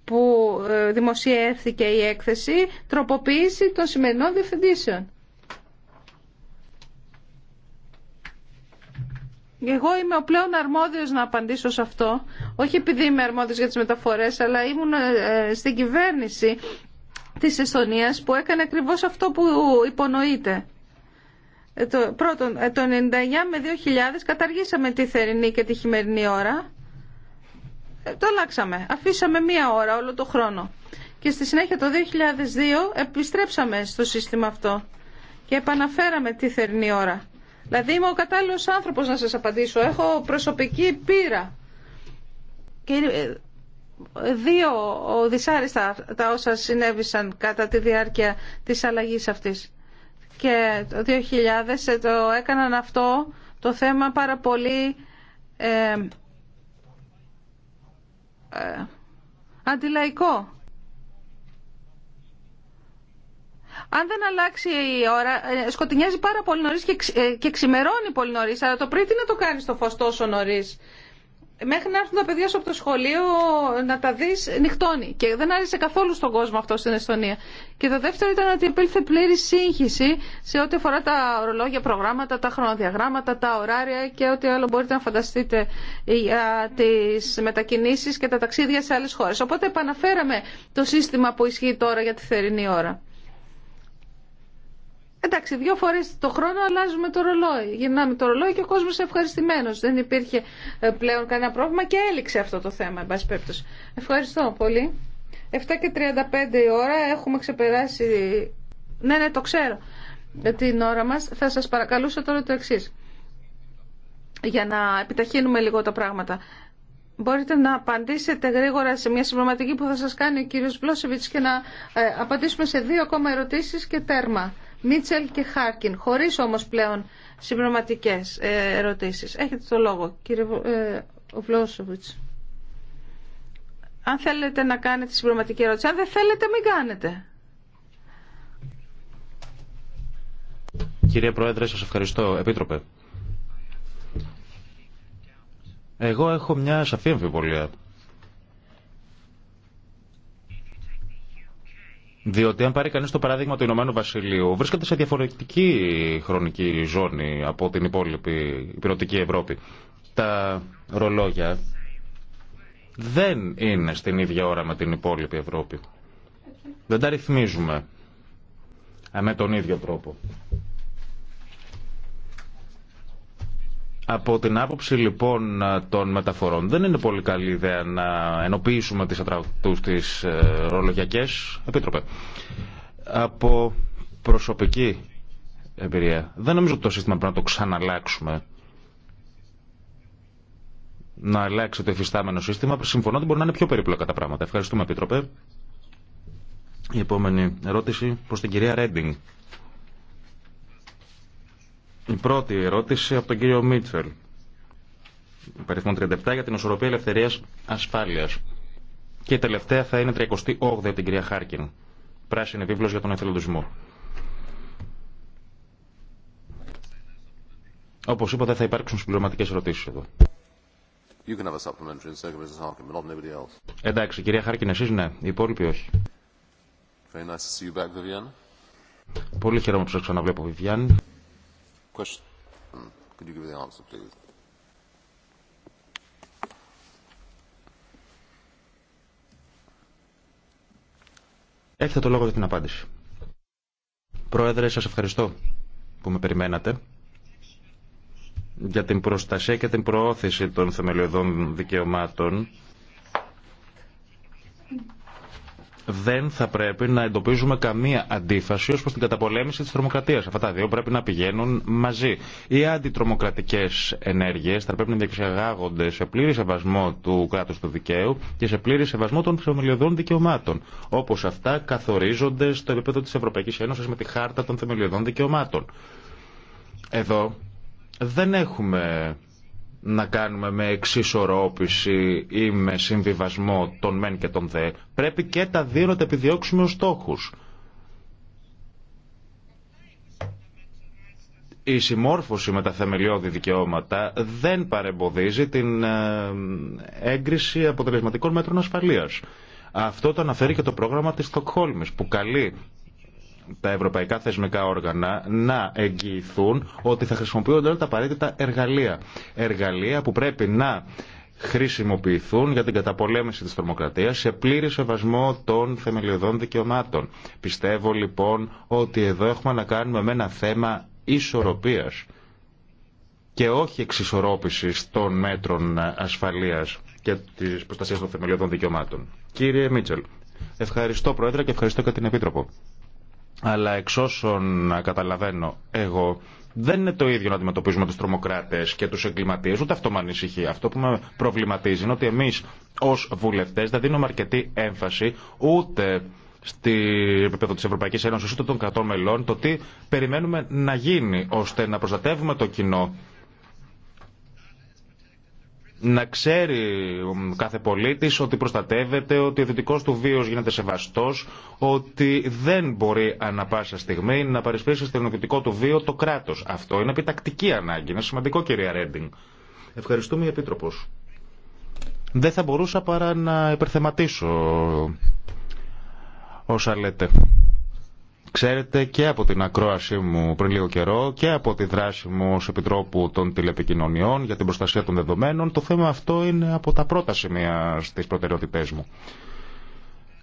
που ε, δημοσιεύθηκε η έκθεση τροποποίηση των σημερινών διευθυντήσεων. Εγώ είμαι ο πλέον αρμόδιος να απαντήσω σε αυτό, όχι επειδή είμαι αρμόδιος για τις μεταφορές, αλλά ήμουν ε, στην κυβέρνηση της Εστονίας που έκανε ακριβώς αυτό που υπονοείται. Ε, το, πρώτον, ε, το 99 με 2000 καταργήσαμε τη θερινή και τη χειμερινή ώρα. Το αλλάξαμε. Αφήσαμε μία ώρα όλο το χρόνο. Και στη συνέχεια το 2002 επιστρέψαμε στο σύστημα αυτό και επαναφέραμε τη θερινή ώρα. Δηλαδή είμαι ο κατάλληλο άνθρωπος να σα απαντήσω. Έχω προσωπική πείρα. Και ε, δύο δυσάριστα τα όσα συνέβησαν κατά τη διάρκεια της αλλαγή αυτής. Και το 2000 ε, το έκαναν αυτό το θέμα πάρα πολύ ε, αντιλαϊκό. αν δεν αλλάξει η ώρα, ε, σκοτεινιάζει πάρα πολύ νωρί και, ε, και ξημερώνει πολύ νωρί. Αλλά το πριν τι να το κάνει το φω τόσο νωρί. Μέχρι να έρθουν τα παιδιά σου από το σχολείο να τα δει, νυχτώνει. Και δεν άρεσε καθόλου στον κόσμο αυτό στην Εστονία. Και το δεύτερο ήταν ότι υπήρχε πλήρη σύγχυση σε ό,τι αφορά τα ορολόγια, προγράμματα, τα χρονοδιαγράμματα, τα ωράρια και ό,τι άλλο μπορείτε να φανταστείτε για τι μετακινήσει και τα ταξίδια σε άλλε χώρε. Οπότε επαναφέραμε το σύστημα που ισχύει τώρα για τη θερινή ώρα. Εντάξει, δύο φορέ το χρόνο αλλάζουμε το ρολόι. Γυρνάμε το ρολόι και ο κόσμο ευχαριστημένο. Δεν υπήρχε ε, πλέον κανένα πρόβλημα και έληξε αυτό το θέμα, εν πάση Ευχαριστώ πολύ. 7 και 35 η ώρα έχουμε ξεπεράσει. Ναι, ναι, το ξέρω. Ε, την ώρα μα θα σα παρακαλούσα τώρα το εξή. για να επιταχύνουμε λίγο τα πράγματα. Μπορείτε να απαντήσετε γρήγορα σε μια συμπληρωματική που θα σας κάνει ο κύριος Βλόσεβιτς και να ε, απαντήσουμε σε δύο ακόμα ερωτήσεις και τέρμα. Μίτσελ και Χάρκιν, χωρίς όμως πλέον συμπληρωματικές ε, ερωτήσεις. Έχετε το λόγο, κύριε ε, Βλόσοβιτς. Αν θέλετε να κάνετε συμπληρωματική ερώτηση, αν δεν θέλετε μην κάνετε. Κύριε Πρόεδρε, σας ευχαριστώ. Επίτροπε. Εγώ έχω μια σαφή αμφιβολία Διότι αν πάρει κανεί το παράδειγμα του Ηνωμένου Βασιλείου, βρίσκεται σε διαφορετική χρονική ζώνη από την υπόλοιπη υπηρετική Ευρώπη. Τα ρολόγια δεν είναι στην ίδια ώρα με την υπόλοιπη Ευρώπη. Δεν τα ρυθμίζουμε με τον ίδιο τρόπο. Από την άποψη λοιπόν των μεταφορών δεν είναι πολύ καλή ιδέα να ενοποιήσουμε τις ατρακτούς τις ε, ρολογιακές. Επίτροπε, από προσωπική εμπειρία δεν νομίζω ότι το σύστημα πρέπει να το ξαναλλάξουμε. Να αλλάξει το εφιστάμενο σύστημα. Συμφωνώ ότι μπορεί να είναι πιο περίπλοκα τα πράγματα. Ευχαριστούμε, Επίτροπε. Η επόμενη ερώτηση προς την κυρία Ρέντινγκ. Η πρώτη ερώτηση από τον κύριο Μίτσελ. Παριθμόν 37 για την οσορροπία ελευθερία ασφάλεια. Και η τελευταία θα είναι 38η από την κυρία Χάρκιν. Πράσινη βίβλο για τον εθελοντισμό. Όπω είπα, δεν θα υπάρξουν συμπληρωματικέ ερωτήσει εδώ. You Εντάξει, κυρία Χάρκιν, εσείς ναι, οι υπόλοιποι όχι. Πολύ χαίρομαι που σας ξαναβλέπω, Βιβιάννη. Hmm. Έχετε το λόγο για την απάντηση. Πρόεδρε, σας ευχαριστώ που με περιμένατε για την προστασία και την προώθηση των θεμελιωδών δικαιωμάτων δεν θα πρέπει να εντοπίζουμε καμία αντίφαση ω προ την καταπολέμηση τη τρομοκρατία. Αυτά τα δύο πρέπει να πηγαίνουν μαζί. Οι αντιτρομοκρατικέ ενέργειε θα πρέπει να διεξαγάγονται σε πλήρη σεβασμό του κράτου του δικαίου και σε πλήρη σεβασμό των θεμελιωδών δικαιωμάτων. Όπω αυτά καθορίζονται στο επίπεδο τη Ευρωπαϊκή Ένωση με τη Χάρτα των Θεμελιωδών Δικαιωμάτων. Εδώ δεν έχουμε να κάνουμε με εξισορρόπηση ή με συμβιβασμό των μεν και των δε, πρέπει και τα δύο να τα επιδιώξουμε ως στόχους. Η συμμόρφωση με τα θεμελιώδη δικαιώματα δεν παρεμποδίζει την ε, έγκριση αποτελεσματικών μέτρων ασφαλείας. Αυτό το αναφέρει και το πρόγραμμα της Στοκχόλμης που καλεί τα ευρωπαϊκά θεσμικά όργανα να εγγυηθούν ότι θα χρησιμοποιούνται όλα τα απαραίτητα εργαλεία. Εργαλεία που πρέπει να χρησιμοποιηθούν για την καταπολέμηση της θερμοκρατίας σε πλήρη σεβασμό των θεμελιωδών δικαιωμάτων. Πιστεύω λοιπόν ότι εδώ έχουμε να κάνουμε με ένα θέμα ισορροπίας και όχι εξισορρόπησης των μέτρων ασφαλείας και της προστασίας των θεμελιωδών δικαιωμάτων. Κύριε Μίτσελ, ευχαριστώ Πρόεδρε και ευχαριστώ και την Επίτροπο. Αλλά εξ όσων καταλαβαίνω εγώ, δεν είναι το ίδιο να αντιμετωπίζουμε του τρομοκράτε και του εγκληματίε, ούτε αυτό με ανησυχεί. Αυτό που με προβληματίζει είναι ότι εμεί ω βουλευτέ δεν δίνουμε αρκετή έμφαση ούτε στη επίπεδο τη Ευρωπαϊκή Ένωση ούτε των κρατών μελών το τι περιμένουμε να γίνει ώστε να προστατεύουμε το κοινό να ξέρει κάθε πολίτης ότι προστατεύεται, ότι ο δυτικό του βίο γίνεται σεβαστός, ότι δεν μπορεί ανα πάσα στιγμή να παρισπίσει στο δυτικό του βίο το κράτος. Αυτό είναι επιτακτική ανάγκη, είναι σημαντικό κυρία Ρέντινγκ. Ευχαριστούμε η Επίτροπο. Δεν θα μπορούσα παρά να υπερθεματίσω όσα λέτε. Ξέρετε και από την ακρόασή μου πριν λίγο καιρό και από τη δράση μου ως Επιτρόπου των Τηλεπικοινωνιών για την προστασία των δεδομένων, το θέμα αυτό είναι από τα πρώτα σημεία στις προτεραιότητές μου.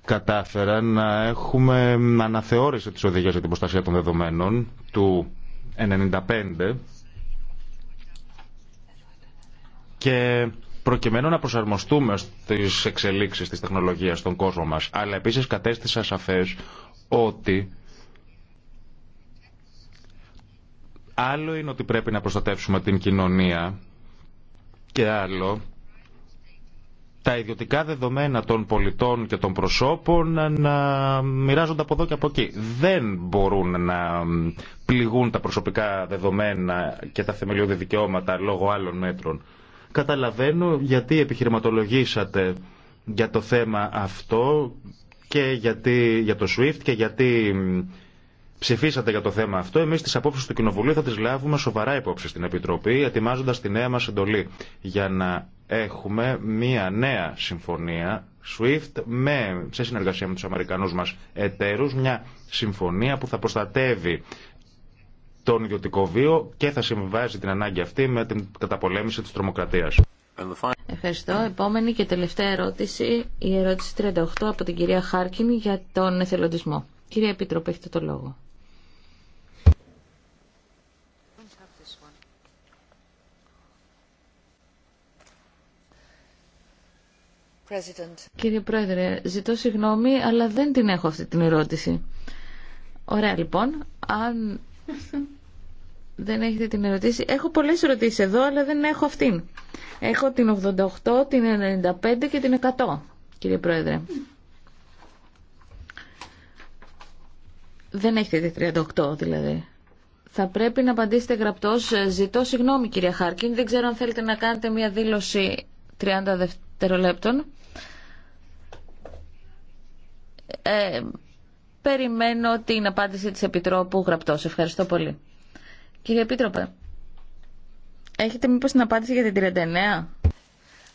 Κατάφερα να έχουμε αναθεώρηση της οδηγίας για την προστασία των δεδομένων του 1995 και προκειμένου να προσαρμοστούμε στις εξελίξεις της τεχνολογίας στον κόσμο μας, αλλά επίσης κατέστησα σαφές ότι Άλλο είναι ότι πρέπει να προστατεύσουμε την κοινωνία και άλλο τα ιδιωτικά δεδομένα των πολιτών και των προσώπων να μοιράζονται από εδώ και από εκεί. Δεν μπορούν να πληγούν τα προσωπικά δεδομένα και τα θεμελιώδη δικαιώματα λόγω άλλων μέτρων. Καταλαβαίνω γιατί επιχειρηματολογήσατε για το θέμα αυτό και γιατί, για το SWIFT και γιατί ψηφίσατε για το θέμα αυτό. Εμεί τι απόψει του Κοινοβουλίου θα τι λάβουμε σοβαρά υπόψη στην Επιτροπή, ετοιμάζοντα τη νέα μα εντολή για να έχουμε μία νέα συμφωνία SWIFT με, σε συνεργασία με του Αμερικανού μα εταίρου, μια συμφωνία που θα προστατεύει τον ιδιωτικό βίο και θα συμβάζει την ανάγκη αυτή με την καταπολέμηση της τρομοκρατίας. Ευχαριστώ. Επόμενη και τελευταία ερώτηση, η ερώτηση 38 από την κυρία Χάρκινη για τον εθελοντισμό. Κυρία Επίτροπε, έχετε το λόγο. Κύριε Πρόεδρε, ζητώ συγγνώμη, αλλά δεν την έχω αυτή την ερώτηση. Ωραία λοιπόν, αν δεν έχετε την ερωτήση. Έχω πολλές ερωτήσεις εδώ, αλλά δεν έχω αυτήν. Έχω την 88, την 95 και την 100, κύριε Πρόεδρε. Δεν έχετε την 38 δηλαδή. Θα πρέπει να απαντήσετε γραπτός. Ζητώ συγγνώμη κυρία Χάρκιν, δεν ξέρω αν θέλετε να κάνετε μια δήλωση 30 δευτερολέπτων ε, περιμένω την απάντηση της Επιτρόπου γραπτός. Ευχαριστώ πολύ. Κύριε Επίτροπε, έχετε μήπως την απάντηση για την 39?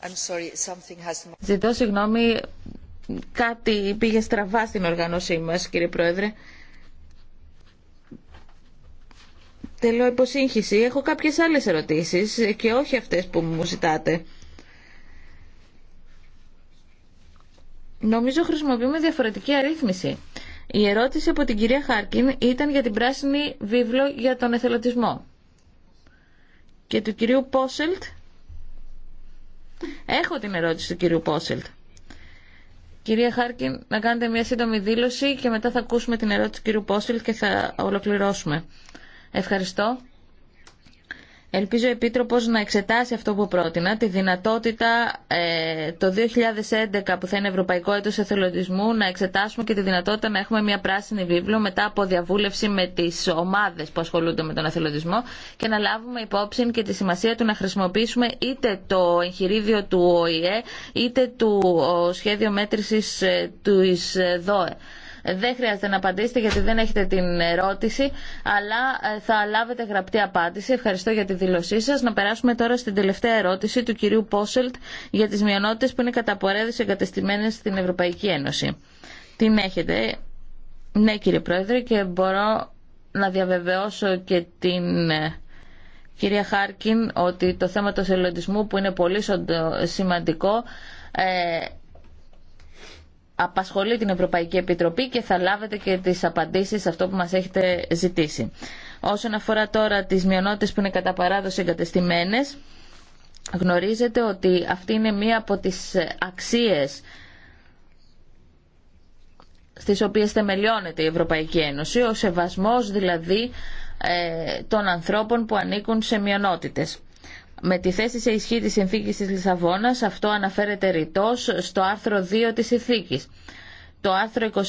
has... Ζητώ συγγνώμη, κάτι πήγε στραβά στην οργάνωσή μας, κύριε Πρόεδρε. Τελώ υποσύγχυση. Έχω κάποιες άλλες ερωτήσεις και όχι αυτές που μου ζητάτε. νομίζω χρησιμοποιούμε διαφορετική αρρύθμιση. Η ερώτηση από την κυρία Χάρκιν ήταν για την πράσινη βίβλο για τον εθελοντισμό. Και του κυρίου Πόσελτ. Έχω την ερώτηση του κυρίου Πόσελτ. Κυρία Χάρκιν, να κάνετε μια σύντομη δήλωση και μετά θα ακούσουμε την ερώτηση του κυρίου Πόσελτ και θα ολοκληρώσουμε. Ευχαριστώ. Ελπίζω ο Επίτροπος να εξετάσει αυτό που πρότεινα, τη δυνατότητα ε, το 2011 που θα είναι Ευρωπαϊκό Έτος Εθελοντισμού να εξετάσουμε και τη δυνατότητα να έχουμε μια πράσινη βίβλο μετά από διαβούλευση με τις ομάδες που ασχολούνται με τον εθελοντισμό και να λάβουμε υπόψη και τη σημασία του να χρησιμοποιήσουμε είτε το εγχειρίδιο του ΟΗΕ είτε το σχέδιο μέτρησης ε, του ΙΣΔΟΕ. Δεν χρειάζεται να απαντήσετε γιατί δεν έχετε την ερώτηση, αλλά ε, θα λάβετε γραπτή απάντηση. Ευχαριστώ για τη δήλωσή σα Να περάσουμε τώρα στην τελευταία ερώτηση του κυρίου Πόσελτ για τις μειονότητε που είναι κατά εγκατεστημένες στην Ευρωπαϊκή Ένωση. Την έχετε. Ναι κύριε Πρόεδρε και μπορώ να διαβεβαιώσω και την ε, κυρία Χάρκιν ότι το θέμα του εθελοντισμού που είναι πολύ σημαντικό ε, απασχολεί την Ευρωπαϊκή Επιτροπή και θα λάβετε και τις απαντήσεις σε αυτό που μας έχετε ζητήσει. Όσον αφορά τώρα τις μειονότητες που είναι κατά παράδοση εγκατεστημένες, γνωρίζετε ότι αυτή είναι μία από τις αξίες στις οποίες θεμελιώνεται η Ευρωπαϊκή Ένωση, ο σεβασμός δηλαδή ε, των ανθρώπων που ανήκουν σε μειονότητες. Με τη θέση σε ισχύ της συνθήκης της Λισαβόνας αυτό αναφέρεται ρητός στο άρθρο 2 της συνθήκης. Το άρθρο 21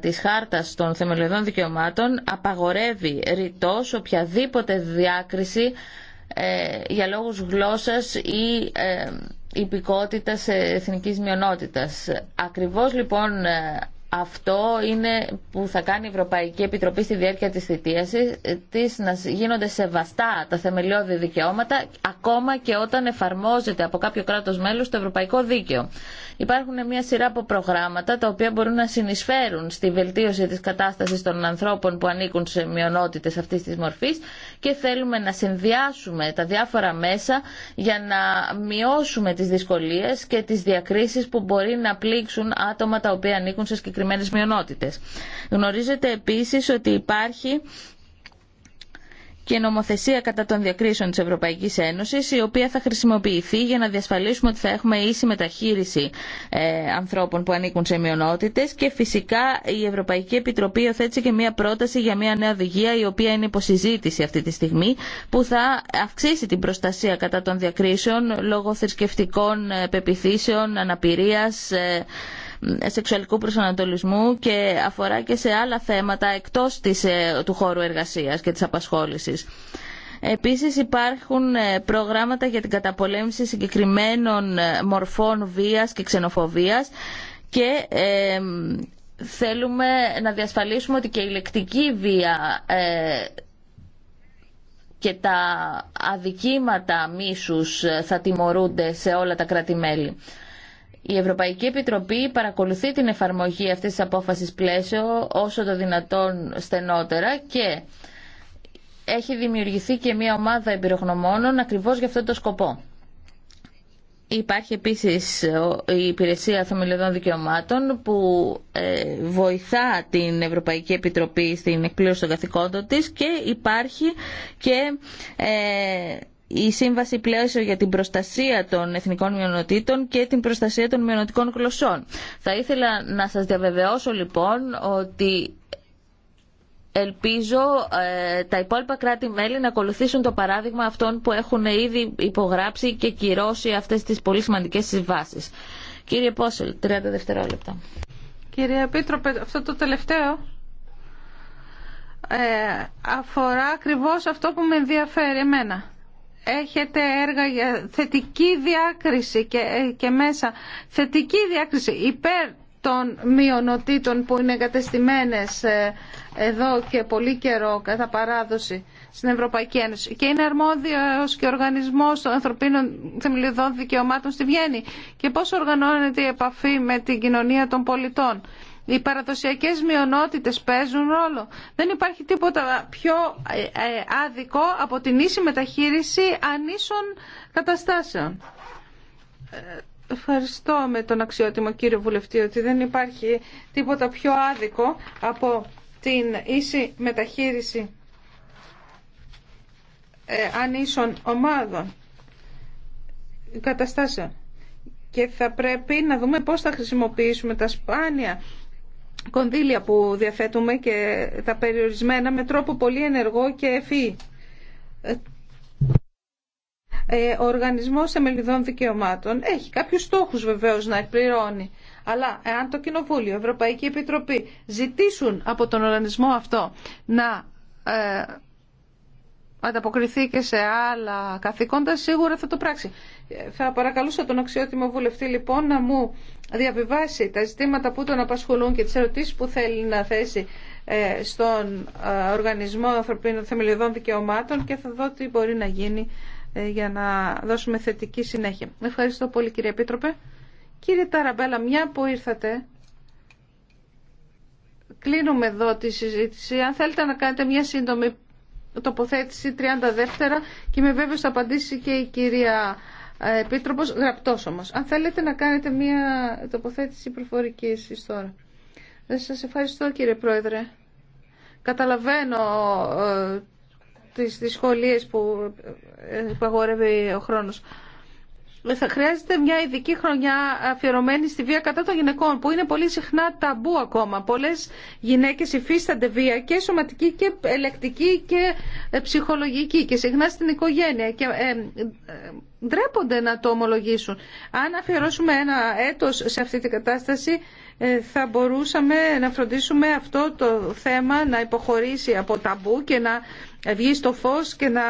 της Χάρτας των Θεμελιωδών Δικαιωμάτων απαγορεύει ρητός οποιαδήποτε διάκριση ε, για λόγους γλώσσας ή ε, υπηκότητας εθνικής μειονότητας. Ακριβώς λοιπόν ε, αυτό είναι που θα κάνει η Ευρωπαϊκή Επιτροπή στη διάρκεια της θητείας της να γίνονται σεβαστά τα θεμελιώδη δικαιώματα ακόμα και όταν εφαρμόζεται από κάποιο κράτος μέλος το ευρωπαϊκό δίκαιο. Υπάρχουν μια σειρά από προγράμματα τα οποία μπορούν να συνεισφέρουν στη βελτίωση της κατάστασης των ανθρώπων που ανήκουν σε μειονότητες αυτής της μορφής και θέλουμε να συνδυάσουμε τα διάφορα μέσα για να μειώσουμε τις δυσκολίες και τις διακρίσεις που μπορεί να πλήξουν άτομα τα οποία ανήκουν σε συγκεκριμένε μειονότητε. Γνωρίζετε επίσης ότι υπάρχει και νομοθεσία κατά των διακρίσεων της Ευρωπαϊκή Ένωση, η οποία θα χρησιμοποιηθεί για να διασφαλίσουμε ότι θα έχουμε ίση μεταχείριση ε, ανθρώπων που ανήκουν σε μειονότητες και φυσικά η Ευρωπαϊκή Επιτροπή οθέτησε και μια πρόταση για μια νέα οδηγία η οποία είναι υποσυζήτηση αυτή τη στιγμή που θα αυξήσει την προστασία κατά των διακρίσεων λόγω θρησκευτικών ε, πεπιθήσεων, αναπηρίας, ε, σεξουαλικού προσανατολισμού και αφορά και σε άλλα θέματα εκτός της, ε, του χώρου εργασίας και της απασχόλησης. Επίσης υπάρχουν ε, προγράμματα για την καταπολέμηση συγκεκριμένων ε, μορφών βίας και ξενοφοβίας και θέλουμε να διασφαλίσουμε ότι και η λεκτική βία και τα αδικήματα μίσους θα τιμωρούνται σε όλα τα κρατη η Ευρωπαϊκή Επιτροπή παρακολουθεί την εφαρμογή αυτής της απόφασης πλαίσιο όσο το δυνατόν στενότερα και έχει δημιουργηθεί και μια ομάδα εμπειρογνωμόνων ακριβώς για αυτό το σκοπό. Υπάρχει επίσης η Υπηρεσία Θεμελιωδών Δικαιωμάτων που ε, βοηθά την Ευρωπαϊκή Επιτροπή στην εκπλήρωση των καθηκόντων της και υπάρχει και ε, η Σύμβαση Πλαίσιο για την Προστασία των Εθνικών Μειονοτήτων και την Προστασία των Μειονοτικών Γλωσσών. Θα ήθελα να σας διαβεβαιώσω λοιπόν ότι ελπίζω ε, τα υπόλοιπα κράτη-μέλη να ακολουθήσουν το παράδειγμα αυτών που έχουν ήδη υπογράψει και κυρώσει αυτές τις πολύ σημαντικές συμβάσεις. Κύριε Πόσελ, 30 δευτερόλεπτα. Κύριε Επίτροπε, αυτό το τελευταίο ε, αφορά ακριβώς αυτό που με ενδιαφέρει εμένα έχετε έργα για θετική διάκριση και, και μέσα. Θετική διάκριση υπέρ των μειονοτήτων που είναι εγκατεστημένες ε, εδώ και πολύ καιρό κατά παράδοση στην Ευρωπαϊκή Ένωση. Και είναι αρμόδιος και ο οργανισμός των ανθρωπίνων θεμελιωδών δικαιωμάτων στη Βιέννη. Και πώς οργανώνεται η επαφή με την κοινωνία των πολιτών. Οι παραδοσιακές μειονότητες παίζουν ρόλο. Δεν υπάρχει τίποτα πιο ε, ε, άδικο από την ίση μεταχείριση ανίσων καταστάσεων. Ε, ευχαριστώ με τον αξιότιμο κύριο Βουλευτή ότι δεν υπάρχει τίποτα πιο άδικο από την ίση μεταχείριση ανίσων ομάδων καταστάσεων. Και θα πρέπει να δούμε πώς θα χρησιμοποιήσουμε τα σπάνια κονδύλια που διαθέτουμε και τα περιορισμένα με τρόπο πολύ ενεργό και ευφύ. Ε, ε, ο Οργανισμός Εμελιδών Δικαιωμάτων έχει κάποιους στόχους βεβαίως να εκπληρώνει. Αλλά εάν το Κοινοβούλιο, η Ευρωπαϊκή Επιτροπή ζητήσουν από τον οργανισμό αυτό να ε, ανταποκριθεί και σε άλλα καθήκοντα, σίγουρα θα το πράξει. Θα παρακαλούσα τον αξιότιμο βουλευτή λοιπόν να μου διαβιβάσει τα ζητήματα που τον απασχολούν και τις ερωτήσεις που θέλει να θέσει ε, στον ε, Οργανισμό Ανθρωπίνων Θεμελιωδών Δικαιωμάτων και θα δω τι μπορεί να γίνει ε, για να δώσουμε θετική συνέχεια. Ευχαριστώ πολύ κύριε Επίτροπε. Κύριε Ταραμπέλα, μια που ήρθατε, κλείνουμε εδώ τη συζήτηση. Αν θέλετε να κάνετε μια σύντομη τοποθέτηση 32 δεύτερα και με βέβαιος θα απαντήσει και η κυρία ε, Επίτροπος, γραπτός όμως. Αν θέλετε να κάνετε μια τοποθέτηση προφορική εσείς τώρα. Ε, σας ευχαριστώ κύριε Πρόεδρε. Καταλαβαίνω ε, τις σχολίες που, ε, ο χρόνος θα χρειάζεται μια ειδική χρονιά αφιερωμένη στη βία κατά των γυναικών που είναι πολύ συχνά ταμπού ακόμα. Πολλές γυναίκες υφίστανται βία και σωματική και ελεκτική και ε, ψυχολογική και συχνά στην οικογένεια και ε, ε, ντρέπονται να το ομολογήσουν. Αν αφιερώσουμε ένα έτος σε αυτή την κατάσταση θα μπορούσαμε να φροντίσουμε αυτό το θέμα να υποχωρήσει από ταμπού και να βγει στο φως και να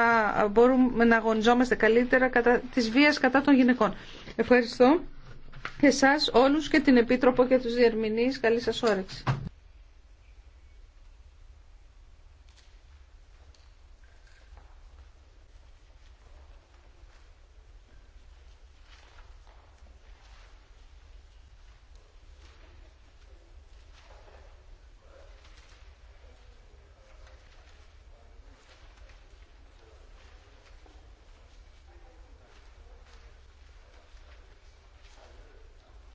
μπορούμε να αγωνιζόμαστε καλύτερα κατά της βίας κατά των γυναικών. Ευχαριστώ εσάς όλους και την Επίτροπο και τους διερμηνείς. Καλή σας όρεξη.